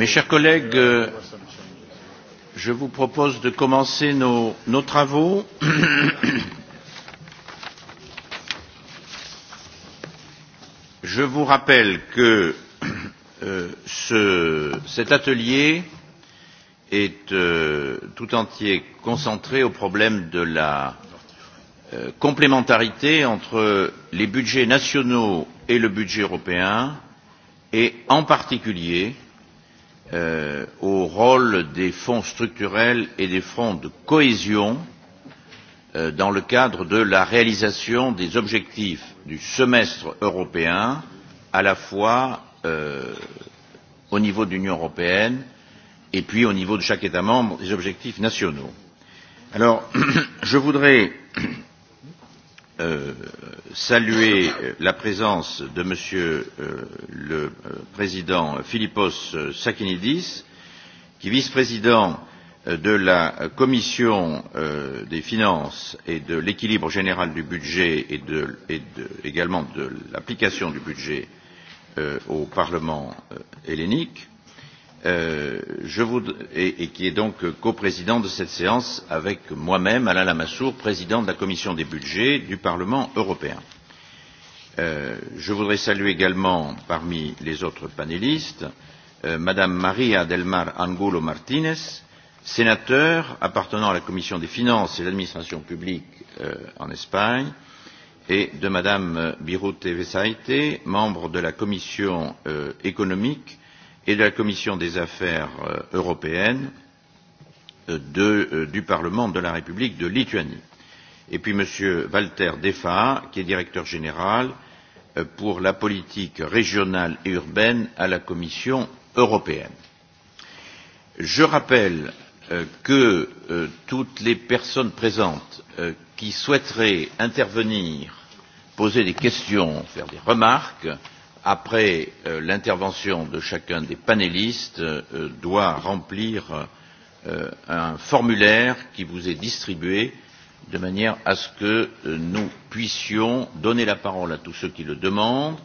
mes chers collègues euh, je vous propose de commencer nos travaux je vous rappelle que euh, cet atelier est euh, tout entier concentré au problème de la complémentarité entre les budgets nationaux et le budget européen et en particulier Euh, au rôle des fonds structurels et des fonds de cohésion euh, dans le cadre de la réalisation des objectifs du semestre européen à la fois euh, au niveau de l'Union européenne et puis au niveau de chaque État membre des objectifs nationaux. Alors, je voudrais euh, Euh, saluer la présence de m. Euh, le euh, président philippos sakinidis qui est vice président de la commission des finances et de l'équilibre général du budget et également de l'application du budget au parlement hellénique Euh, et qui est donc coprésident de cette séance avec moi même alain lamassoure président de la commission des budgets du parlement européen. Euh, je voudrais saluer également parmi les autres panélistes euh, mme maria del mar angulo martinez sénateur appartenant à la commission des finances et de l'administration publique en espagne et mme birute ezaete membre de la commission économique et de la commission des affaires euh, européennes euh, euh, du parlement de la république de lituanie et puis m. valter defa qui est directeur général pour la politique régionale et urbaine à la commission européenne. je rappelle que toutes les personnes présentes qui souhaiteraient intervenir poser des questions faire des remarques après euh, l'intervention de chacun des panélistes euh, doit remplir euh, un formulaire qui vous est distribué de manière à ce que nous puissions donner la parole à tous ceux qui le demandent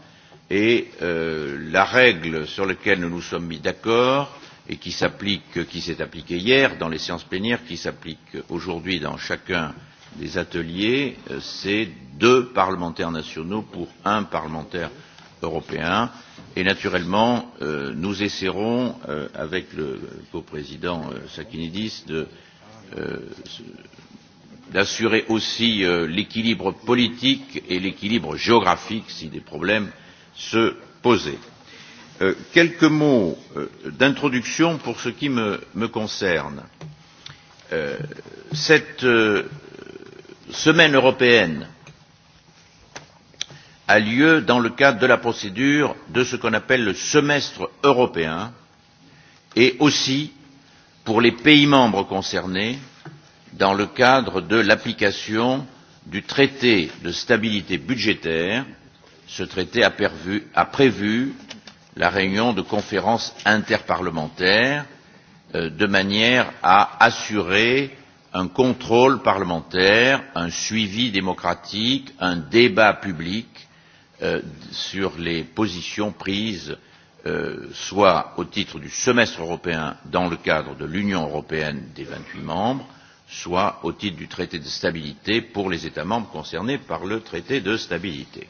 et la règle sur laquelle nous nous sommes mis d'accord et qui s'applique, qui s'est appliquée hier dans les séances plénières, qui s'applique aujourd'hui dans chacun des ateliers, c'est deux parlementaires nationaux pour un parlementaire européen et naturellement euh, nous essaierons euh, avec le coprésident euh, sakinidis d'assurer aussi l'équilibre politique et l'équilibre géographique si des problèmes se posaient. quelques mots d'introduction pour ce qui me concerne. cette semaine européenne a lieu dans le cadre de la procédure de ce qu'on appelle le semestre européen et aussi pour les pays membres concernés dans le cadre de l'application du traité de stabilité budgétaire ce traité a, pervu, a prévu la réunion de conférences interparlementaires euh, de manière à assurer un contrôle parlementaire, un suivi démocratique, un débat public Euh, sur les positions prises euh, soit au titre du semestre européen dans le cadre de l'union européenne des vingt huit membres soit au titre du traité de stabilité pour les états membres concernés par le traité de stabilité.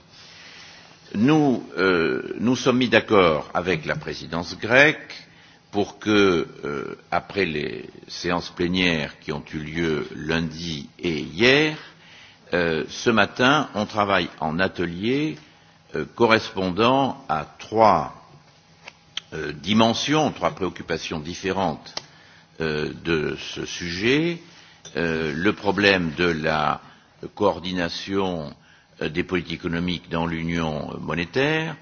nous euh, nous sommes mis d'accord avec la présidence grecque pour que euh, après les séances plénières qui ont eu lieu lundi et hier euh, ce matin on travaille en atelier euh, Euh, correspondant à trois euh, dimensions, trois préoccupations différentes euh, de ce sujet euh, le problème de la coordination euh, des politiques économiques dans l'union monétaire,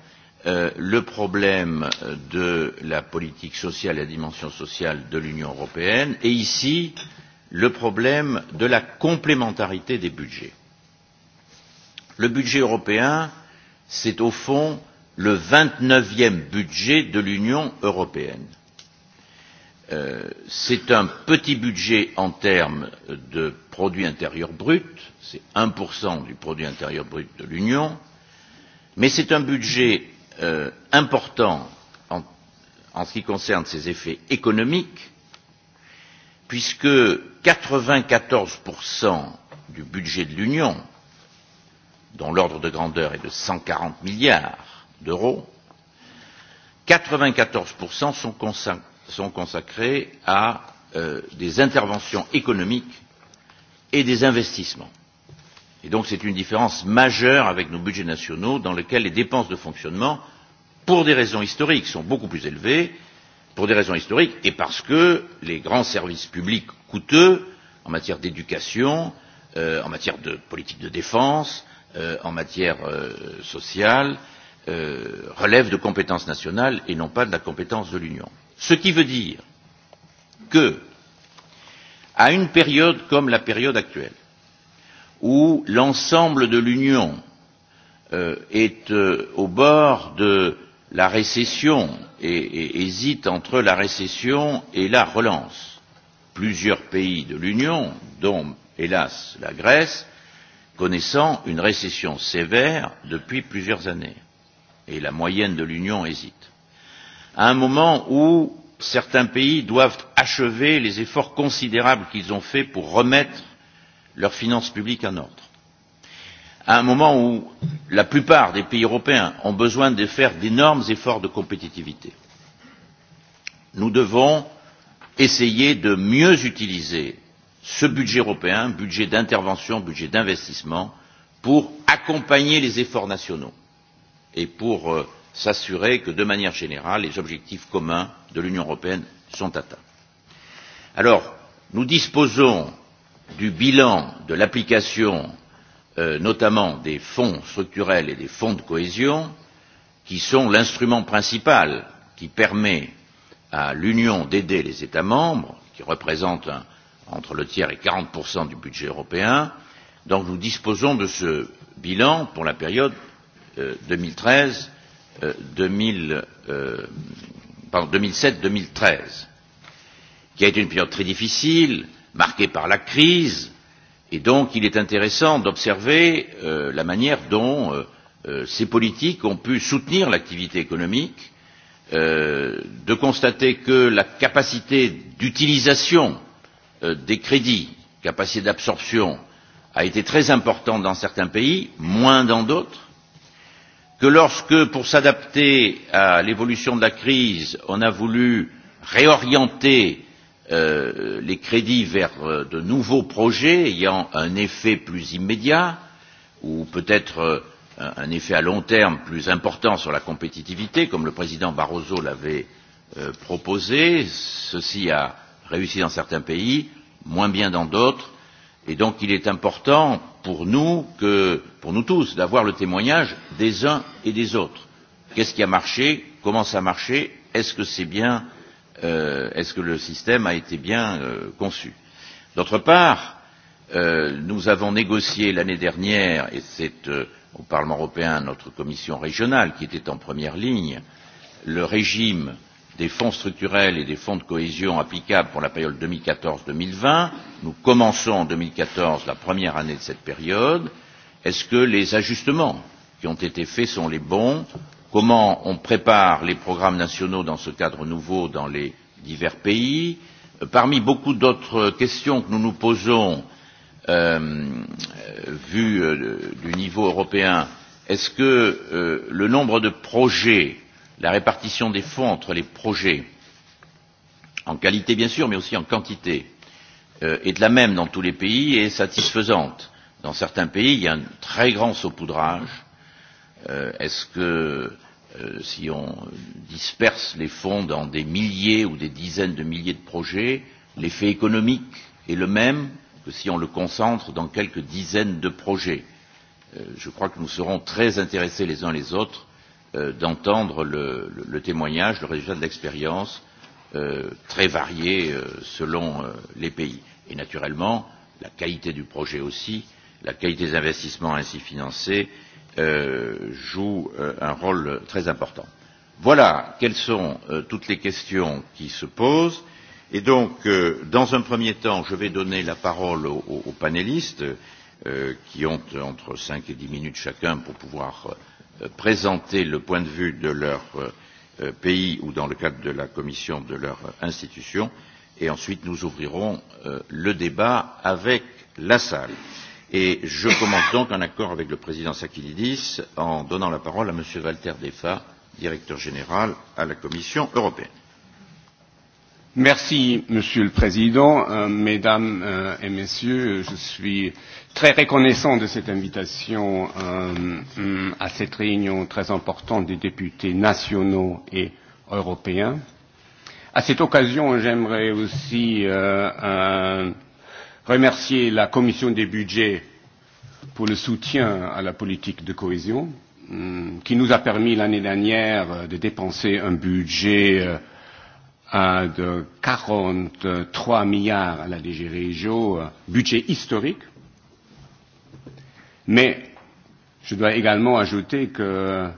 euh, le problème euh, de la politique sociale et la dimension sociale de l'Union européenne, et ici le problème de la complémentarité des budgets. Le budget européen euh, c'est au fond le vingt neuvième budget de l'Union européenne. Euh, c'est un petit budget en termes de produit intérieur brut, c'est 1% du produit intérieur brut de l'Union, mais c'est un budget euh, important en, en ce qui concerne ses effets économiques, puisque 94% du budget de l'Union, dont l'ordre de grandeur est de 140 milliards d'euros, 94 sont, consac sont consacrés à euh, des interventions économiques et des investissements. Et donc, c'est une différence majeure avec nos budgets nationaux, dans lesquels les dépenses de fonctionnement, pour des raisons historiques, sont beaucoup plus élevées, pour des raisons historiques, et parce que les grands services publics coûteux en matière d'éducation, euh, en matière de politique de défense, Euh, en matière euh, sociale euh, relève de compétences nationales et non pas de la compétence de l'union ce qui veut dire que à une période comme la période actuelle où l'ensemble de l'union euh, est euh, au bord de la récession et, et hésite entre la récession et la relance plusieurs pays de l'union dont hélas la grèce connaissant une récession sévère depuis plusieurs années et la moyenne de l'Union hésite à un moment où certains pays doivent achever les efforts considérables qu'ils ont faits pour remettre leurs finances publiques en ordre à un moment où la plupart des pays européens ont besoin de faire d'énormes efforts de compétitivité. Nous devons essayer de mieux utiliser ce budget européen, budget d'intervention, budget d'investissement, pour accompagner les efforts nationaux et pour euh, s'assurer que, de manière générale, les objectifs communs de l'Union européenne sont atteints. Alors, nous disposons du bilan de l'application, euh, notamment des fonds structurels et des fonds de cohésion, qui sont l'instrument principal qui permet à l'Union d'aider les États membres, qui représentent un, entre le tiers et 40% du budget européen. Donc nous disposons de ce bilan pour la période euh, 2007-2013, euh, euh qui a été une période très difficile, marquée par la crise, et donc il est intéressant d'observer euh, la manière dont euh, euh, ces politiques ont pu soutenir l'activité économique, euh, de constater que la capacité d'utilisation euh, Euh, des crédits capacité d'absorption a été très importante dans certains pays moins dans d'autres que lorsque pour s'adapter à l'évolution de la crise on a voulu réorienter euh, les crédits vers euh, de nouveaux projets ayant un effet plus immédiat ou peut-être euh, un effet à long terme plus important sur la compétitivité comme le président Barroso l'avait euh, proposé ceci a euh, réussi dans certains pays, moins bien dans d'autres. Et donc il est important pour nous, que, pour nous tous, d'avoir le témoignage des uns et des autres. Qu'est-ce qui a marché Comment ça a marché Est-ce que c'est bien euh, Est-ce que le système a été bien euh, conçu D'autre part, euh, nous avons négocié l'année dernière, et c'est euh, au Parlement européen notre commission régionale qui était en première ligne, le régime euh, des fonds structurels et des fonds de cohésion applicables pour la période deux mille quatorze deux mille vingt nous commençons en deux mille quatorze la première année de cette période est ce que les ajustements qui ont été faits sont les bons comment on prépare les programmes nationaux dans ce cadre nouveau dans les divers pays euh, parmi beaucoup d'autres questions que nous nous posons euh, euh vu euh, du niveau européen est ce que euh, le nombre de projets la répartition des fonds entre les projets en qualité bien sûr mais aussi en quantité euh, est la même dans tous les pays et est satisfaisante. Dans certains pays, il y a un très grand saupoudrage. Euh, est ce que euh, si on disperse les fonds dans des milliers ou des dizaines de milliers de projets, l'effet économique est le même que si on le concentre dans quelques dizaines de projets. Euh, je crois que nous serons très intéressés les uns les autres Euh, d'entendre le, le, le témoignage, le résultat de l'expérience euh, très varié euh, selon euh, les pays. Et naturellement, la qualité du projet aussi, la qualité des investissements ainsi financés euh, joue euh, un rôle très important. Voilà quelles sont euh, toutes les questions qui se posent. Et donc, euh, dans un premier temps, je vais donner la parole aux, aux, aux panélistes euh, qui ont entre 5 et 10 minutes chacun pour pouvoir euh, Euh, présenter le point de vue de leur euh, euh, pays ou dans le cadre de la commission de leur institution et ensuite nous ouvrirons le débat avec la salle. Et je commence donc en accord avec le président Sakilidis en donnant la parole à M. Walter Defa, directeur général à la Commission européenne monsieur le président euh, mesdames euh, et messieurs je suis très reconnaissant de cette invitation euh, à cette réunion très importante des députés nationaux et européens. à cette occasion j'aimerais aussi remercier la commission des budgets pour le soutien à la politique de cohésion qui nous a permis l'année dernière de dépenser un budget euh, de 43 milliards à la DG Régio, euh, budget historique. Mais je dois également ajouter que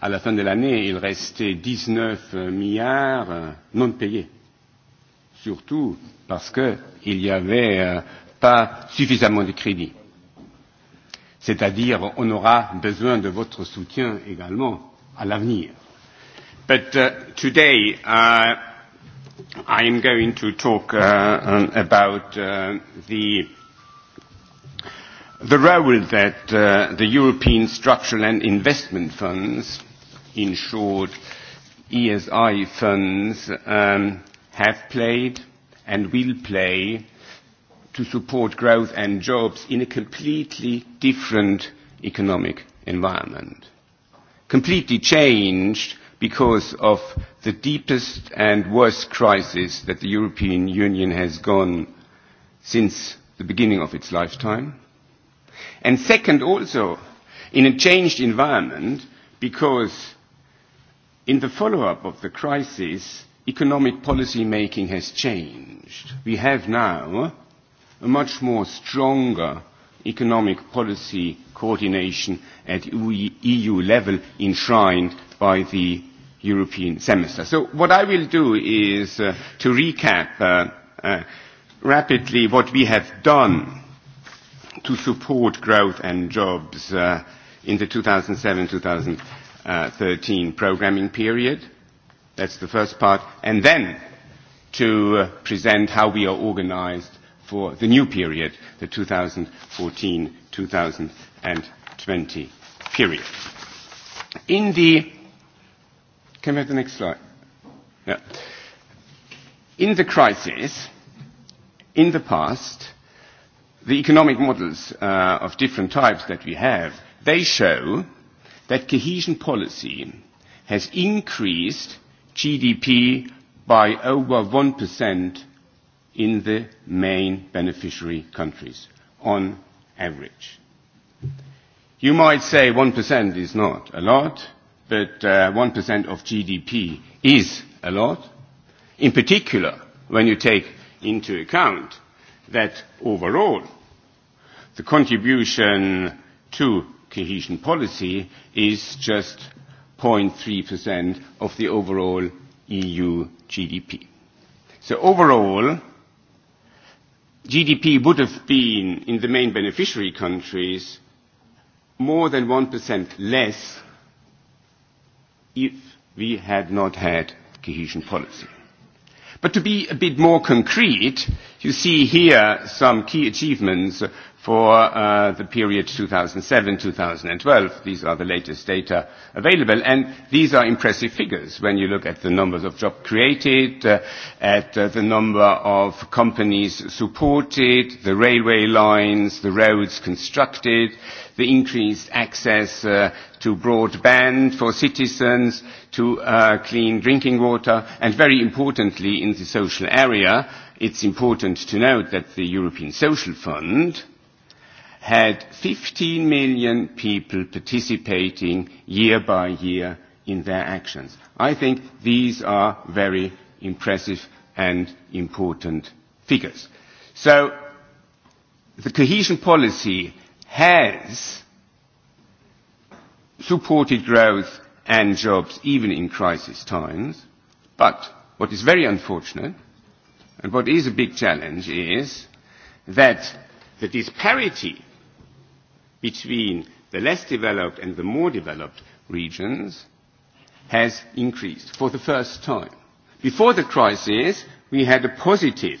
à la fin de l'année, il restait 19 milliards euh, non payés. Surtout parce qu'il n'y avait euh, pas suffisamment de crédits. C'est-à-dire, on aura besoin de votre soutien également à l'avenir. But uh, today, uh, I am going to talk uh, um, about uh, the, the role that uh, the European Structural and Investment Funds, in short ESI funds, um, have played and will play to support growth and jobs in a completely different economic environment. Completely changed because of the deepest and worst crisis that the European Union has gone since the beginning of its lifetime. And second, also, in a changed environment, because in the follow-up of the crisis, economic policy making has changed. We have now a much more stronger economic policy coordination at EU e, e level enshrined by the European semester. So what I will do is uh, to recap uh, uh, rapidly what we have done to support growth and jobs uh, in the 2007-2013 programming period. That's the first part. And then to uh, present how we are organized for the new period, the 2014-2020 period. In the Can we have the next slide? Yeah. In the crisis, in the past, the economic models uh, of different types that we have, they show that cohesion policy has increased GDP by over 1% in the main beneficiary countries on average. You might say 1% is not a lot, but 1% uh, of GDP is a lot, in particular, when you take into account that overall, the contribution to cohesion policy is just 0.3% of the overall EU GDP. So overall, GDP would have been, in the main beneficiary countries, more than 1% less if we had not had cohesion policy. But to be a bit more concrete, you see here some key achievements for uh, the period 2007-2012. These are the latest data available, and these are impressive figures when you look at the numbers of jobs created, uh, at uh, the number of companies supported, the railway lines, the roads constructed, the increased access to broadband for citizens, to clean drinking water, and very importantly, in the social area, it's important to note that the European Social Fund had 15 million people participating year by year in their actions. I think these are very impressive and important figures. So the cohesion policy has supported growth and jobs even in crisis times, but what is very unfortunate and what is a big challenge is that the disparity between the less developed and the more developed regions has increased for the first time. Before the crisis, we had a positive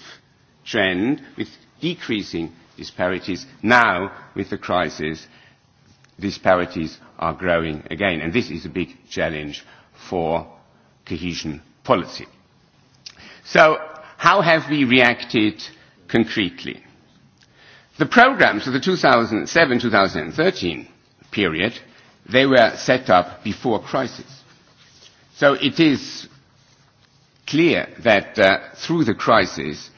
trend with decreasing disparities. Now, with the crisis, disparities are growing again, and this is a big challenge for cohesion policy. So, how have we reacted concretely? The programs of the 2007-2013 period, they were set up before crisis. So it is clear that uh, through the crisis,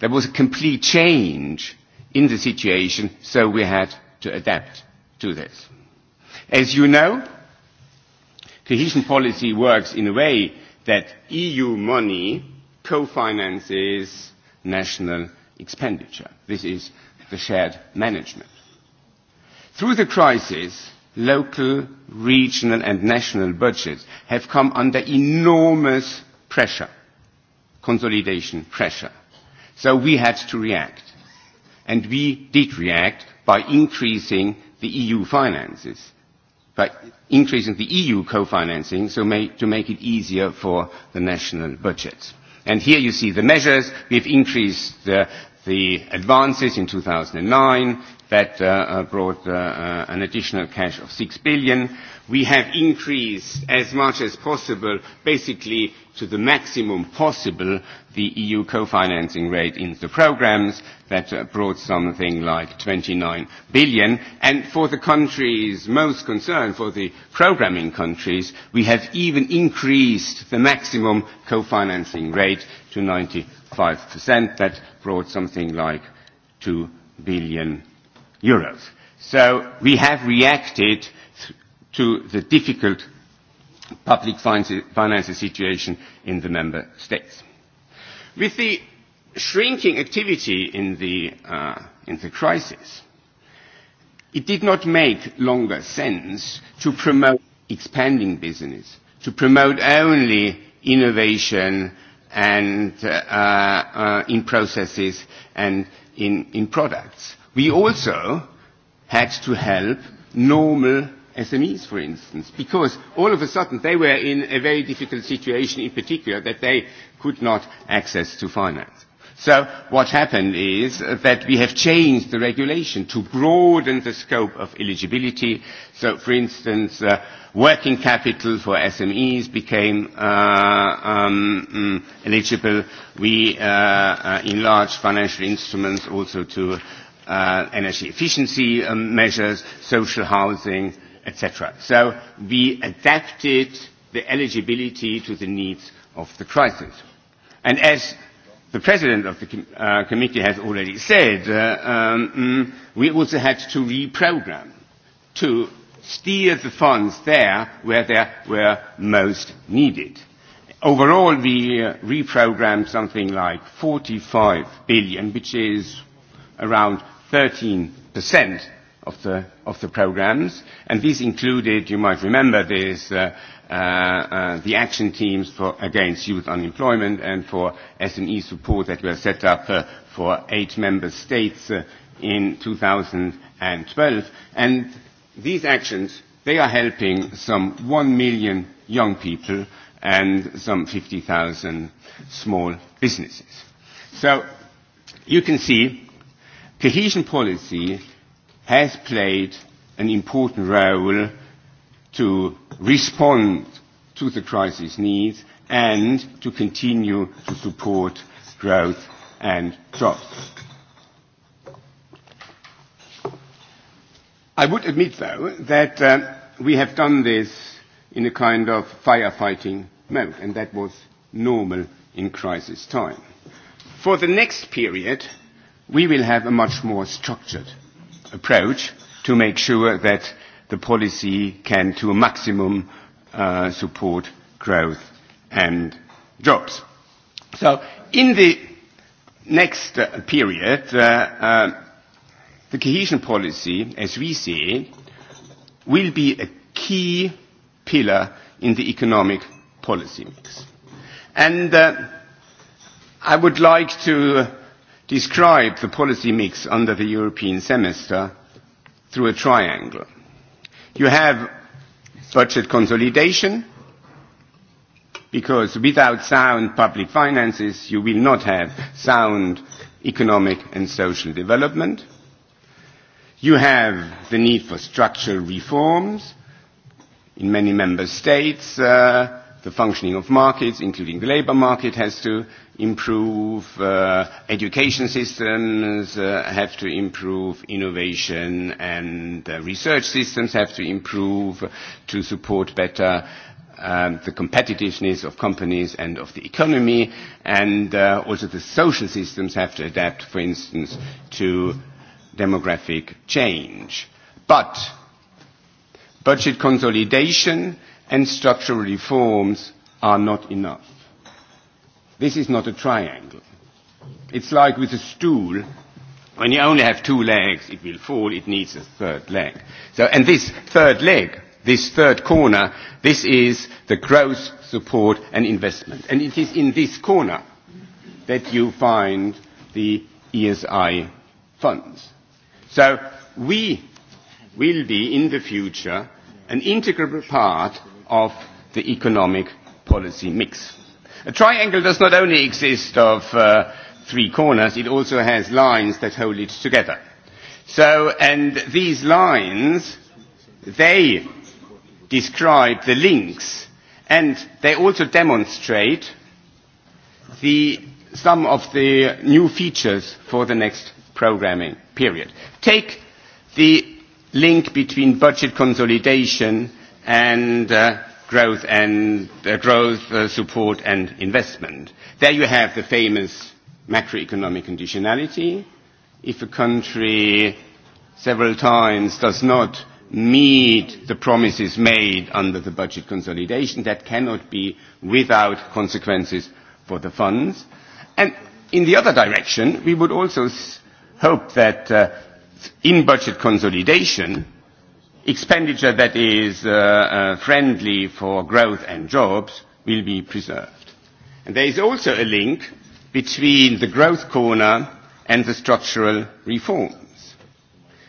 there was a complete change in the situation, so we had to adapt to this. As you know, cohesion policy works in a way that EU money co-finances national expenditure. This is the shared management. Through the crisis, local, regional and national budgets have come under enormous pressure, consolidation pressure. So we had to react. And we did react by increasing the EU finances, by increasing the EU co-financing so may, to make it easier for the national budgets. And here you see the measures. We've increased the, the advances in 2009 that uh, uh, brought uh, uh, an additional cash of 6 billion. We have increased as much as possible, basically to the maximum possible, the EU co-financing rate in the programs that uh, brought something like 29 billion. And for the countries most concerned, for the programming countries, we have even increased the maximum co-financing rate to 90 5%. That brought something like 2 billion euros. So we have reacted to the difficult public financial situation in the member states. With the shrinking activity in the, uh, in the crisis, it did not make longer sense to promote expanding business, to promote only innovation and uh, uh, in processes and in, in products. We also had to help normal SMEs, for instance, because all of a sudden they were in a very difficult situation in particular that they could not access to finance. What happened is that we have changed the regulation to broaden the scope of eligibility. For instance, uh, working capital for SMEs became uh, um, mm, eligible. We uh, enlarged financial instruments also to energy efficiency um, measures, social housing, et cetera. We adapted the eligibility to the needs of the crisis. As the president of the com uh, committee has already said, uh, um, mm, we also had to reprogram to steer the funds there where they were most needed. Overall, we uh, reprogrammed something like 45 billion, which is around 13 percent of the, of the programs, and this included, you might remember this, uh, Uh, uh, the action teams for against youth unemployment and for SME support that were set up uh, for eight member states uh, in 2012. And these actions, they are helping some one million young people and some 50,000 small businesses. So you can see cohesion policy has played an important role to respond to the crisis needs and to continue to support growth and jobs. I would admit, though, that uh, we have done this in a kind of firefighting mode, and that was normal in crisis time. For the next period, we will have a much more structured approach to make sure that the policy can, to a maximum, uh, support growth and jobs. So in the next uh, period, uh, the cohesion policy, as we see it, will be a key pillar in the economic policy mix. I would like to describe the policy mix under the European semester through a triangle. You have budget consolidation, because without sound public finances, you will not have sound economic and social development. You have the need for structural reforms in many member states. Uh, the functioning of markets, including the labour market, has to improve uh, education systems uh, have to improve innovation and uh, research systems have to improve to support better um, the competitiveness of companies and of the economy and uh, also the social systems have to adapt for instance to demographic change but budget consolidation and structural reforms are not enough this is not a triangle. It's like with a stool. When you only have two legs, it will fall. It needs a third leg. So, and this third leg, this third corner, this is the growth, support, and investment. And it is in this corner that you find the ESI funds. So we will be in the future an integral part of the economic policy mix. A triangle does not only exist of uh, three corners, it also has lines that hold it together. So, and these lines, they describe the links, and they also demonstrate the, some of the new features for the next programming period. Take the link between budget consolidation and uh, growth and uh, growth uh, support and investment. There you have the famous macroeconomic conditionality. If a country several times does not meet the promises made under the budget consolidation, that cannot be without consequences for the funds. And in the other direction, we would also s- hope that uh, in budget consolidation, expenditure that is uh, uh, friendly for growth and jobs will be preserved. And there is also a link between the growth corner and the structural reforms.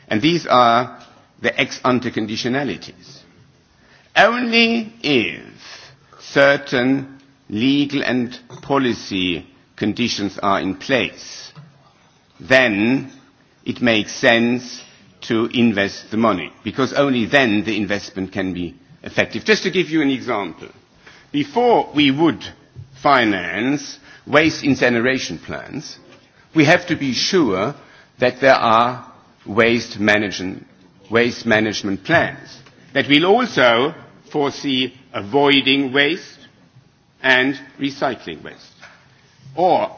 And these are the ex ante conditionalities. Only if certain legal and policy conditions are in place, then it makes sense to invest the money, because only then the investment can be effective. Just to give you an example, before we would finance waste incineration plants, we have to be sure that there are waste management, waste management plans that will also foresee avoiding waste and recycling waste. Or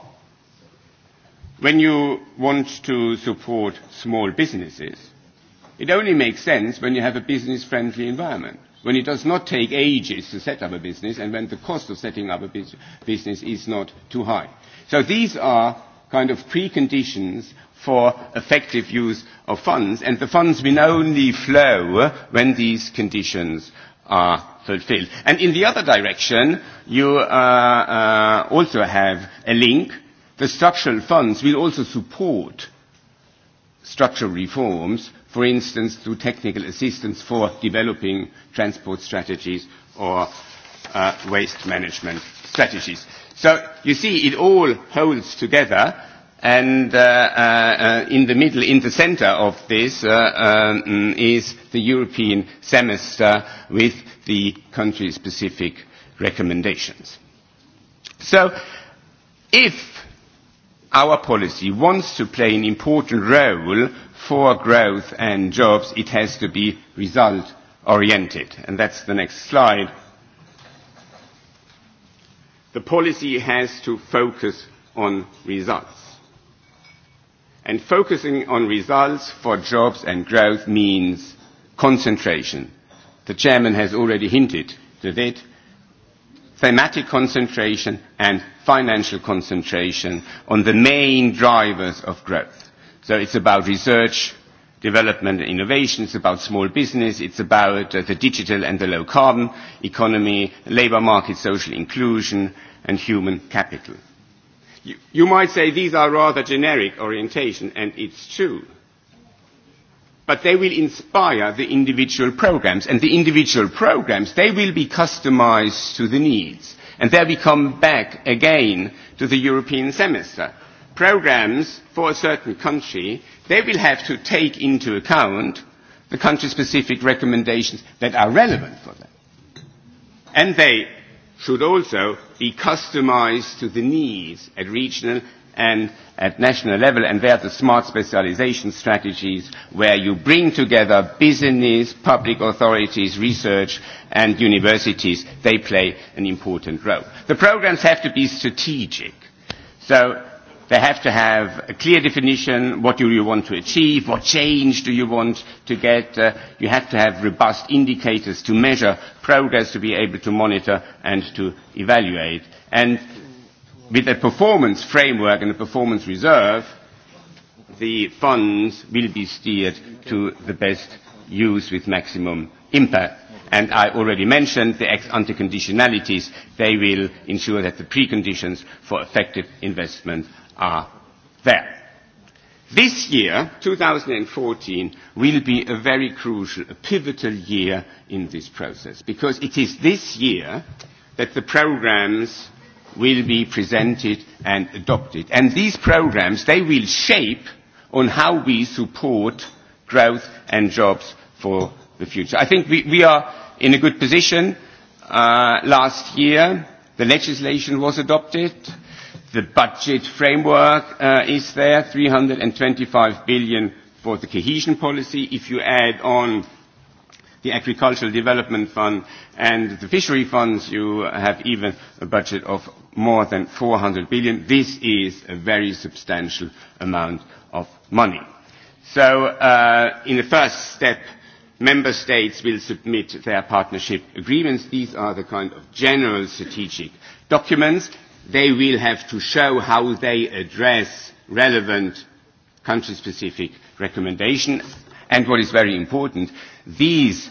when you want to support small businesses, It only makes sense when you have a business-friendly environment, when it does not take ages to set up a business, and when the cost of setting up a bus- business is not too high. So these are kind of preconditions for effective use of funds, and the funds will only flow when these conditions are fulfilled. And in the other direction, you uh, uh, also have a link. The structural funds will also support structural reforms for instance, through technical assistance for developing transport strategies or uh, waste management strategies. So you see, it all holds together, and uh, uh, uh in the middle, in the center of this, uh, um, is the European semester with the country specific recommendations. So if our policy wants to play an important role for growth and jobs, it has to be result-oriented. That's the next slide. The policy has to focus on results. Focusing on results for jobs and growth means concentration. The chairman has already hinted to that. Thematic concentration and financial concentration on the main drivers of growth. It's about research, development, and innovation. It's about small business. It's about uh, the digital and the low carbon economy, labor market, social inclusion, and human capital. You might say these are rather generic orientation, and it's true. They will inspire the individual programs, and the individual programs, they will be customized to the needs. There we come back again to the European semester programs for a certain country, they will have to take into account the country specific recommendations that are relevant for them. And they should also be customized to the needs at regional and at national level, and they are the smart specialization strategies where you bring together business, public authorities, research, and universities. They play an important role. The programs have to be strategic. So they have to have a clear definition what do you want to achieve, what change do you want to get. Uh, you have to have robust indicators to measure progress, to be able to monitor and to evaluate. And with a performance framework and a performance reserve, the funds will be steered to the best use with maximum impact. And I already mentioned the ex-anti-conditionalities. They will ensure that the preconditions for effective investment are there. This year, 2014, will be a very crucial, a pivotal year in this process because it is this year that the programs will be presented and adopted. And these programs, they will shape on how we support growth and jobs for the future. I think we, we are in a good position. Uh, last year, the legislation was adopted. The budget framework uh, is there, 325 billion for the cohesion policy. If you add on the agricultural development fund and the fishery funds, you have even a budget of more than 400 billion. This is a very substantial amount of money. So uh, in the first step, member states will submit their partnership agreements. These are the kind of general strategic documents they will have to show how they address relevant country specific recommendations. And what is very important, these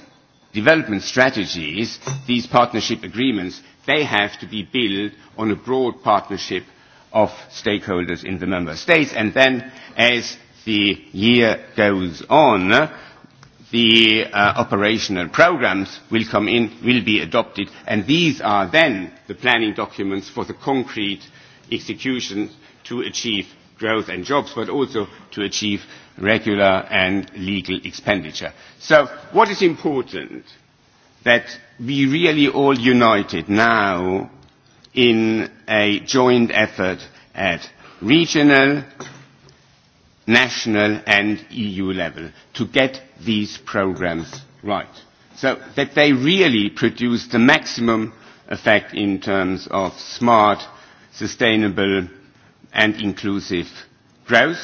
development strategies, these partnership agreements, they have to be built on a broad partnership of stakeholders in the member states. And then, as the year goes on, uh, the uh, operational programs will come in, will be adopted, and these are then the planning documents for the concrete execution to achieve growth and jobs, but also to achieve regular and legal expenditure. So what is important that we really all united now in a joint effort at regional, national and EU level to get these programs right, so that they really produce the maximum effect in terms of smart, sustainable and inclusive growth.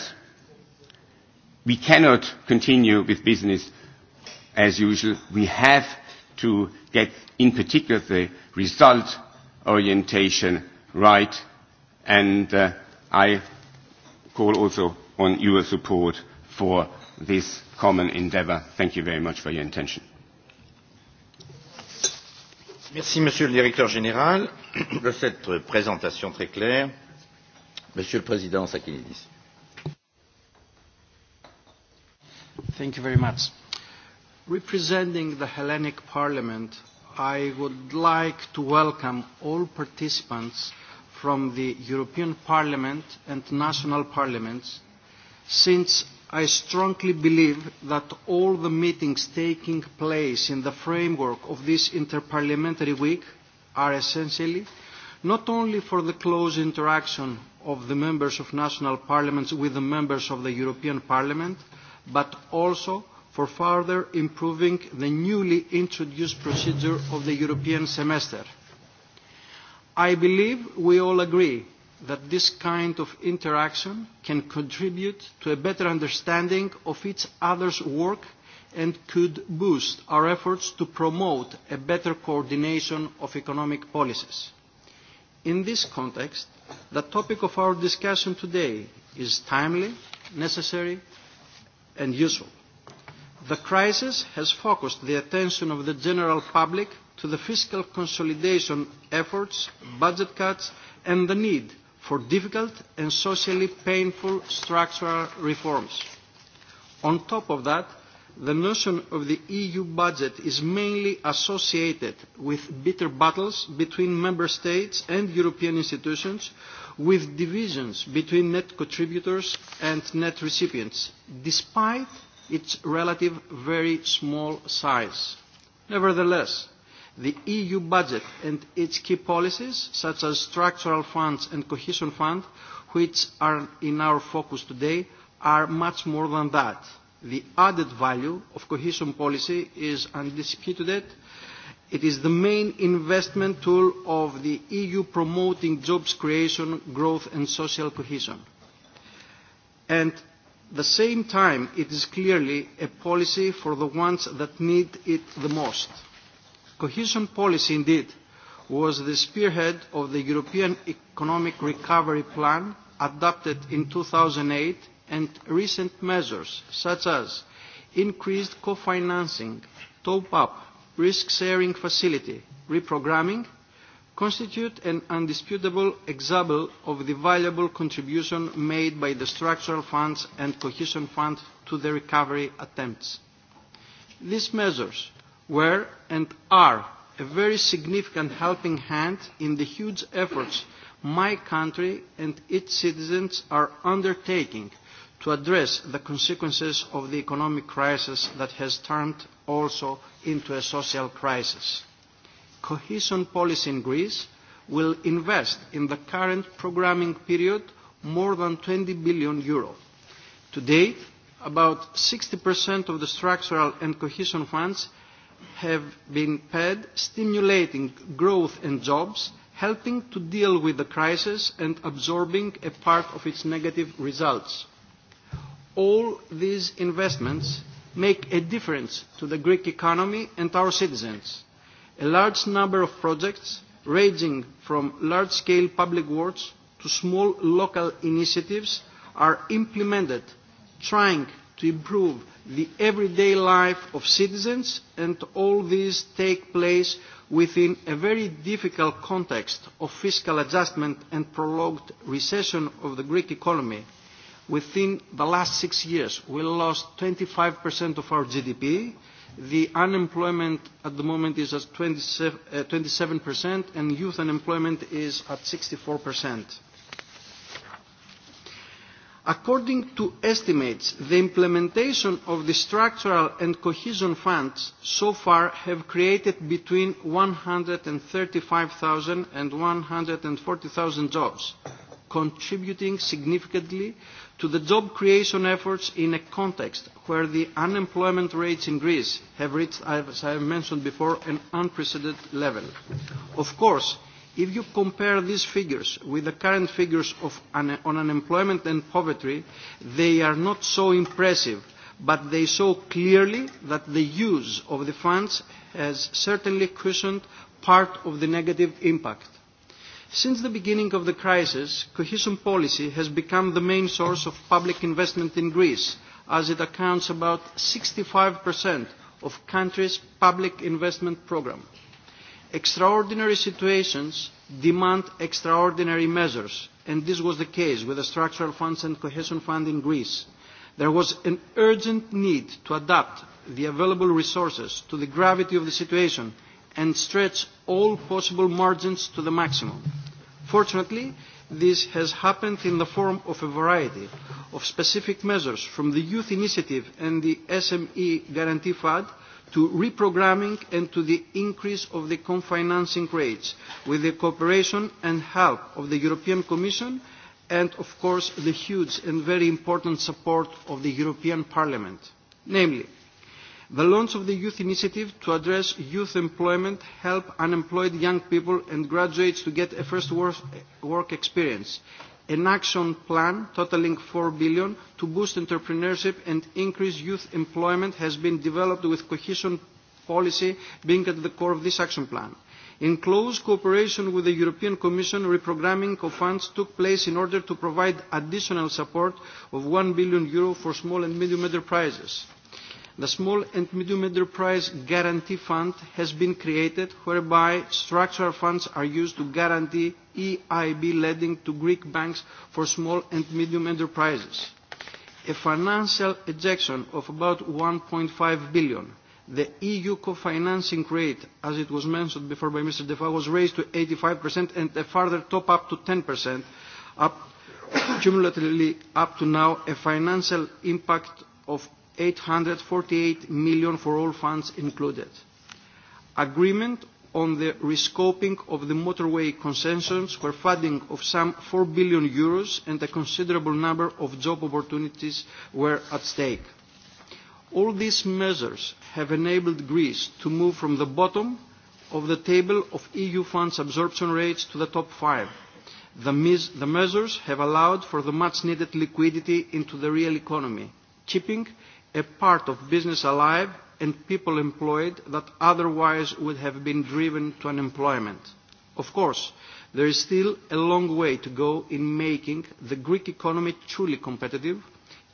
We cannot continue with business as usual. We have to get in particular the result orientation right and uh, I call also on your support for this common endeavour. Thank you very much for your attention. Merci, Monsieur le Directeur Général, de cette présentation très claire. Monsieur le Président Sakinidis. Thank you very much. Representing the Hellenic Parliament, I would like to welcome all participants from the European Parliament and national parliaments since I strongly believe that all the meetings taking place in the framework of this interparliamentary week are essentially not only for the close interaction of the members of national parliaments with the members of the European Parliament, but also for further improving the newly introduced procedure of the European semester. I believe we all agree that this kind of interaction can contribute to a better understanding of each other's work and could boost our efforts to promote a better coordination of economic policies. In this context, the topic of our discussion today is timely, necessary and useful. The crisis has focused the attention of the general public to the fiscal consolidation efforts, budget cuts and the need for difficult and socially painful structural reforms. On top of that, the notion of the EU budget is mainly associated with bitter battles between member states and European institutions, with divisions between net contributors and net recipients, despite its relative very small size. Nevertheless, The EU budget and its key policies, such as structural funds and cohesion fund, which are in our focus today, are much more than that. The added value of cohesion policy is undisputed. It is the main investment tool of the EU promoting jobs creation, growth and social cohesion. And at the same time, it is clearly a policy for the ones that need it the most. Cohesion policy, indeed, was the spearhead of the European Economic Recovery Plan adopted in 2008 and recent measures such as increased co-financing, top-up, risk-sharing facility, reprogramming, constitute an undisputable example of the valuable contribution made by the structural funds and cohesion fund to the recovery attempts. These measures were and are a very significant helping hand in the huge efforts my country and its citizens are undertaking to address the consequences of the economic crisis that has turned also into a social crisis. Cohesion policy in Greece will invest in the current programming period more than 20 billion euro. To date, about 60% of the structural and cohesion funds have been paid, stimulating growth and jobs, helping to deal with the crisis and absorbing a part of its negative results. All these investments make a difference to the Greek economy and our citizens. A large number of projects, ranging from large-scale public works to small local initiatives, are implemented, trying to improve the everyday life of citizens, and all these take place within a very difficult context of fiscal adjustment and prolonged recession of the Greek economy. Within the last six years, we lost 25% of our GDP. The unemployment at the moment is at 27%, uh, and youth unemployment is at 64%. According to estimates, the implementation of the structural and cohesion funds so far have created between 135,000 and 140,000 jobs, contributing significantly to the job creation efforts in a context where the unemployment rates in Greece have reached, as I mentioned before, an unprecedented level. Of course, If you compare these figures with the current figures of un on unemployment and poverty, they are not so impressive, but they show clearly that the use of the funds has certainly cushioned part of the negative impact. Since the beginning of the crisis, cohesion policy has become the main source of public investment in Greece, as it accounts about 65% of country's public investment programme extraordinary situations demand extraordinary measures and this was the case with the structural funds and cohesion fund in Greece. There was an urgent need to adapt the available resources to the gravity of the situation and stretch all possible margins to the maximum. Fortunately, this has happened in the form of a variety of specific measures from the Youth Initiative and the SME Guarantee Fund to reprogramming and to the increase of the co-financing rates with the cooperation and help of the European Commission and, of course, the huge and very important support of the European Parliament. Namely, the launch of the Youth Initiative to address youth employment, help unemployed young people and graduates to get a first work experience, an action plan totaling 4 billion to boost entrepreneurship and increase youth employment has been developed with cohesion policy being at the core of this action plan. In close cooperation with the European Commission, reprogramming of funds took place in order to provide additional support of 1 billion euro for small and medium enterprises the Small and Medium Enterprise Guarantee Fund has been created, whereby structural funds are used to guarantee EIB lending to Greek banks for small and medium enterprises. A financial ejection of about 1.5 billion. The EU co-financing rate, as it was mentioned before by Mr. Defa, was raised to 85% and a further top up to 10%, up, cumulatively up to now, a financial impact of 848 million for all funds included. Agreement on the rescoping of the motorway concessions for funding of some 4 billion euros and a considerable number of job opportunities were at stake. All these measures have enabled Greece to move from the bottom of the table of EU funds absorption rates to the top five. The, mis the measures have allowed for the much-needed liquidity into the real economy, keeping a part of business alive and people employed that otherwise would have been driven to unemployment. Of course, there is still a long way to go in making the Greek economy truly competitive,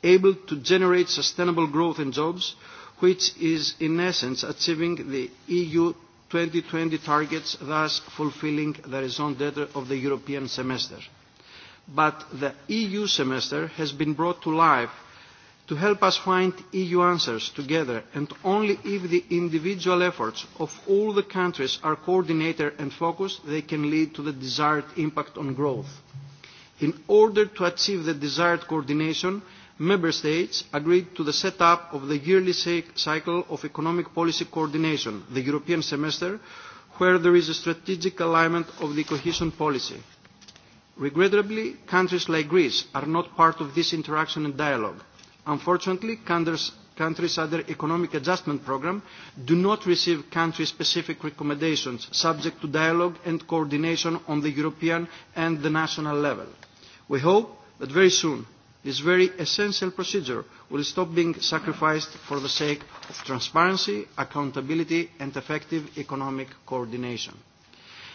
able to generate sustainable growth and jobs, which is in essence achieving the EU 2020 targets, thus fulfilling the raison d'etre of the European semester. But the EU semester has been brought to life to help us find EU answers together, and only if the individual efforts of all the countries are coordinated and focused, they can lead to the desired impact on growth. In order to achieve the desired coordination, Member States agreed to the setup of the yearly cycle of economic policy coordination, the European semester, where there is a strategic alignment of the cohesion policy. Regrettably, countries like Greece are not part of this interaction and dialogue. Unfortunately, countries, countries under economic adjustment program do not receive country-specific recommendations subject to dialogue and coordination on the European and the national level. We hope that very soon this very essential procedure will stop being sacrificed for the sake of transparency, accountability and effective economic coordination.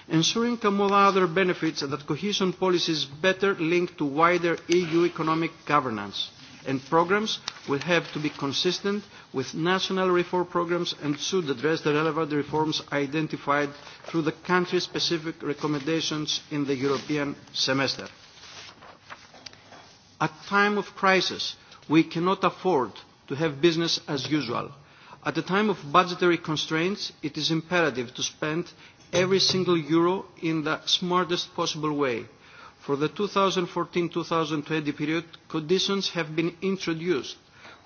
Ensuring, among other benefits, that cohesion policy is better linked to wider EU economic governance and programmes will have to be consistent with national reform programmes and should address the relevant reforms identified through the country-specific recommendations in the European semester. At time of crisis, we cannot afford to have business as usual. At a time of budgetary constraints, it is imperative to spend every single euro in the smartest possible way. For the 2014-2020 period, conditions have been introduced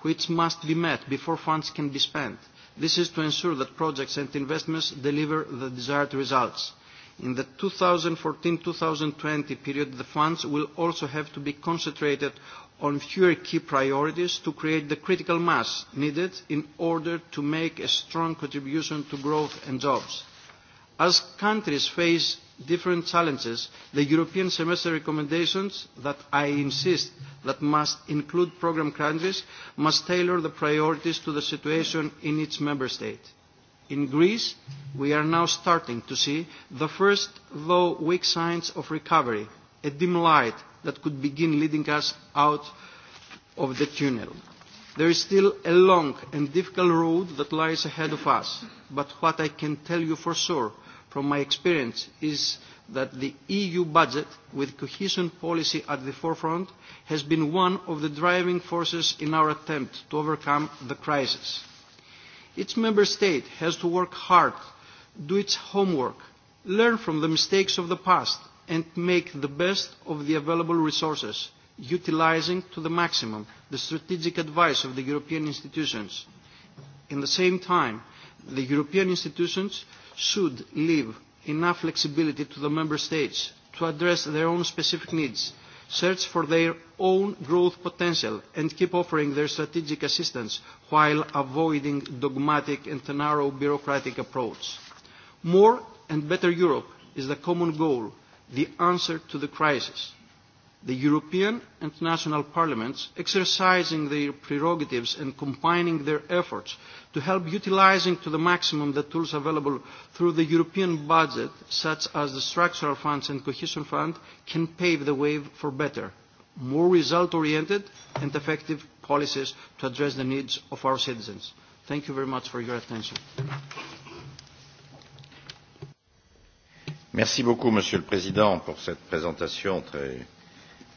which must be met before funds can be spent. This is to ensure that projects and investments deliver the desired results. In the 2014-2020 period, the funds will also have to be concentrated on fewer key priorities to create the critical mass needed in order to make a strong contribution to growth and jobs. As countries face different challenges, the European semester recommendations that I insist that must include program countries must tailor the priorities to the situation in each member state. In Greece, we are now starting to see the first, though weak, signs of recovery, a dim light that could begin leading us out of the tunnel. There is still a long and difficult road that lies ahead of us, but what I can tell you for sure from my experience is that the EU budget, with cohesion policy at the forefront, has been one of the driving forces in our attempt to overcome the crisis. Each member state has to work hard, do its homework, learn from the mistakes of the past, and make the best of the available resources, utilizing to the maximum the strategic advice of the European institutions. In the same time, the European institutions should leave enough flexibility to the member states to address their own specific needs, search for their own growth potential and keep offering their strategic assistance while avoiding dogmatic and narrow bureaucratic approach. More and better Europe is the common goal, the answer to the crisis the European and national parliaments exercising their prerogatives and combining their efforts to help utilizing to the maximum the tools available through the European budget, such as the structural funds and cohesion fund, can pave the way for better, more result-oriented and effective policies to address the needs of our citizens. Thank you very much for your attention. Merci beaucoup, Monsieur le Président, pour cette présentation très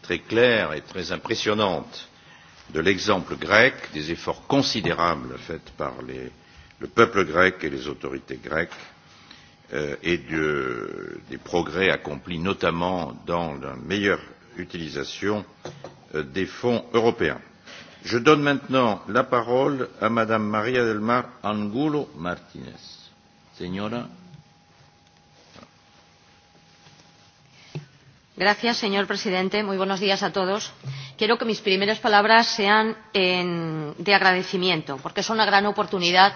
très claire et très impressionnante de l'exemple grec des efforts considérables faits par les, le peuple grec et les autorités grecques euh, et de, des progrès accomplis notamment dans la meilleure utilisation euh, des fonds européens. Je donne maintenant la parole à madame Maria del Mar Angulo Martinez. Señora señor presidente buenos días a todos quiero que mis primeras palabras sean de agradecimiento porque es una gran oportunidad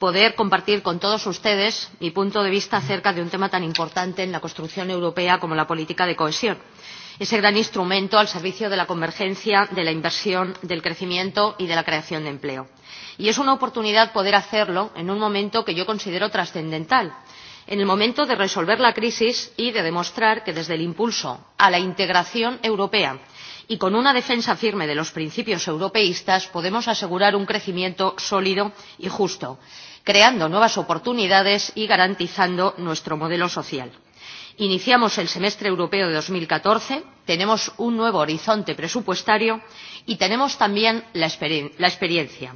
poder compartir con todos ustedes mi punto de vista acerca de un tema tan importante en la construcción europea como la política de cohesión ese gran instrumento al servicio de la convergencia de la inversión del crecimiento y de la creación de empleo. y es una oportunidad poder hacerlo en un momento que yo considero trascendental en el momento de resolver la crisis y de demostrar que desde el impulso a la integración europea y con una defensa firme de los principios europeístas podemos asegurar un crecimiento sólido y justo creando nuevas oportunidades y garantizando nuestro modelo social. Iniciamos el semestre europeo de 2014, tenemos un nuevo horizonte presupuestario y tenemos también la, exper la experiencia.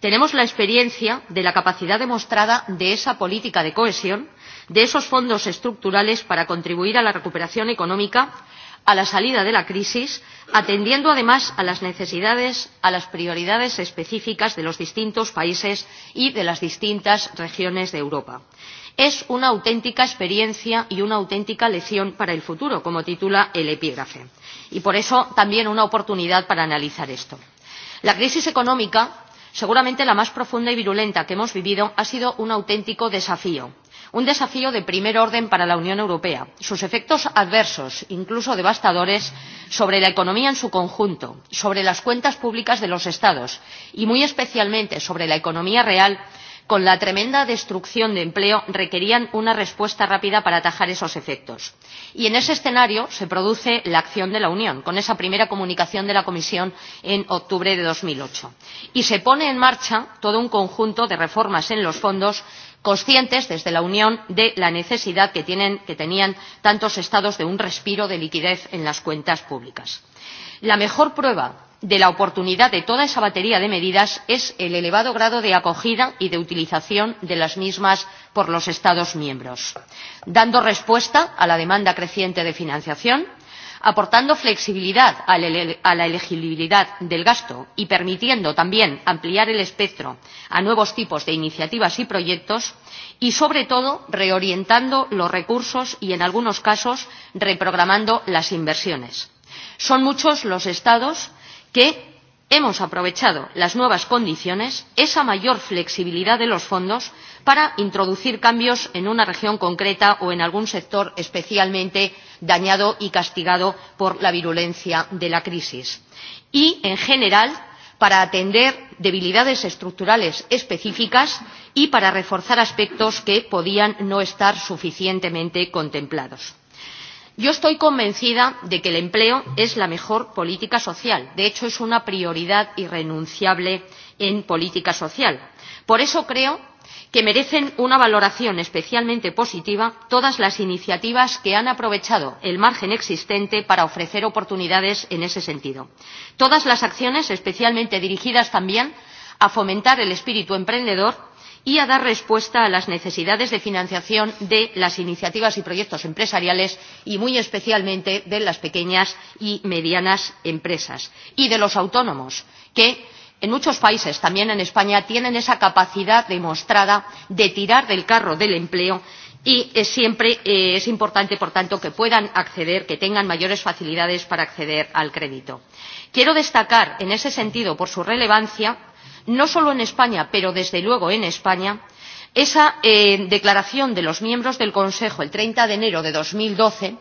Tenemos la experiencia de la capacidad demostrada de esa política de cohesión de esos fondos estructurales para contribuir a la recuperación económica, a la salida de la crisis, atendiendo además a las necesidades, a las prioridades específicas de los distintos países y de las distintas regiones de Europa. Es una auténtica experiencia y una auténtica lección para el futuro, como titula el epígrafe, y por eso también una oportunidad para analizar esto. La crisis económica, seguramente la más profunda y virulenta que hemos vivido, ha sido un auténtico desafío, un desafío de primer orden para la Unión Europea. Sus efectos adversos, incluso devastadores, sobre la economía en su conjunto, sobre las cuentas públicas de los Estados y, muy especialmente, sobre la economía real, con la tremenda destrucción de empleo, requerían una respuesta rápida para atajar esos efectos. Y en ese escenario se produce la acción de la Unión, con esa primera comunicación de la Comisión en octubre de 2008. Y se pone en marcha todo un conjunto de reformas en los fondos conscientes desde la Unión de la necesidad que, tienen, que tenían tantos estados de un respiro de liquidez en las cuentas públicas. La mejor prueba de la oportunidad de toda esa batería de medidas es el elevado grado de acogida y de utilización de las mismas por los Estados miembros, dando respuesta a la demanda creciente de financiación, aportando flexibilidad a la elegibilidad del gasto y permitiendo también ampliar el espectro a nuevos tipos de iniciativas y proyectos y, sobre todo, reorientando los recursos y, en algunos casos, reprogramando las inversiones. Son muchos los Estados que hemos aprovechado las nuevas condiciones, esa mayor flexibilidad de los fondos, para introducir cambios en una región concreta o en algún sector especialmente dañado y castigado por la virulencia de la crisis. Y, en general, para atender debilidades estructurales específicas y para reforzar aspectos que podían no estar suficientemente contemplados yo estoy convencida de que el empleo es la mejor política social de hecho es una prioridad irrenunciable en política social por eso creo que merecen una valoración especialmente positiva todas las iniciativas que han aprovechado el margen existente para ofrecer oportunidades en ese sentido todas las acciones especialmente dirigidas también a fomentar el espíritu emprendedor y a dar respuesta a las necesidades de financiación de las iniciativas y proyectos empresariales y, muy especialmente, de las pequeñas y medianas empresas y de los autónomos, que en muchos países, también en España, tienen esa capacidad demostrada de tirar del carro del empleo y es siempre eh, es importante, por tanto, que puedan acceder, que tengan mayores facilidades para acceder al crédito. Quiero destacar, en ese sentido, por su relevancia, no solo en España, pero desde luego en España, esa eh, declaración de los miembros del Consejo el 30 de enero de 2012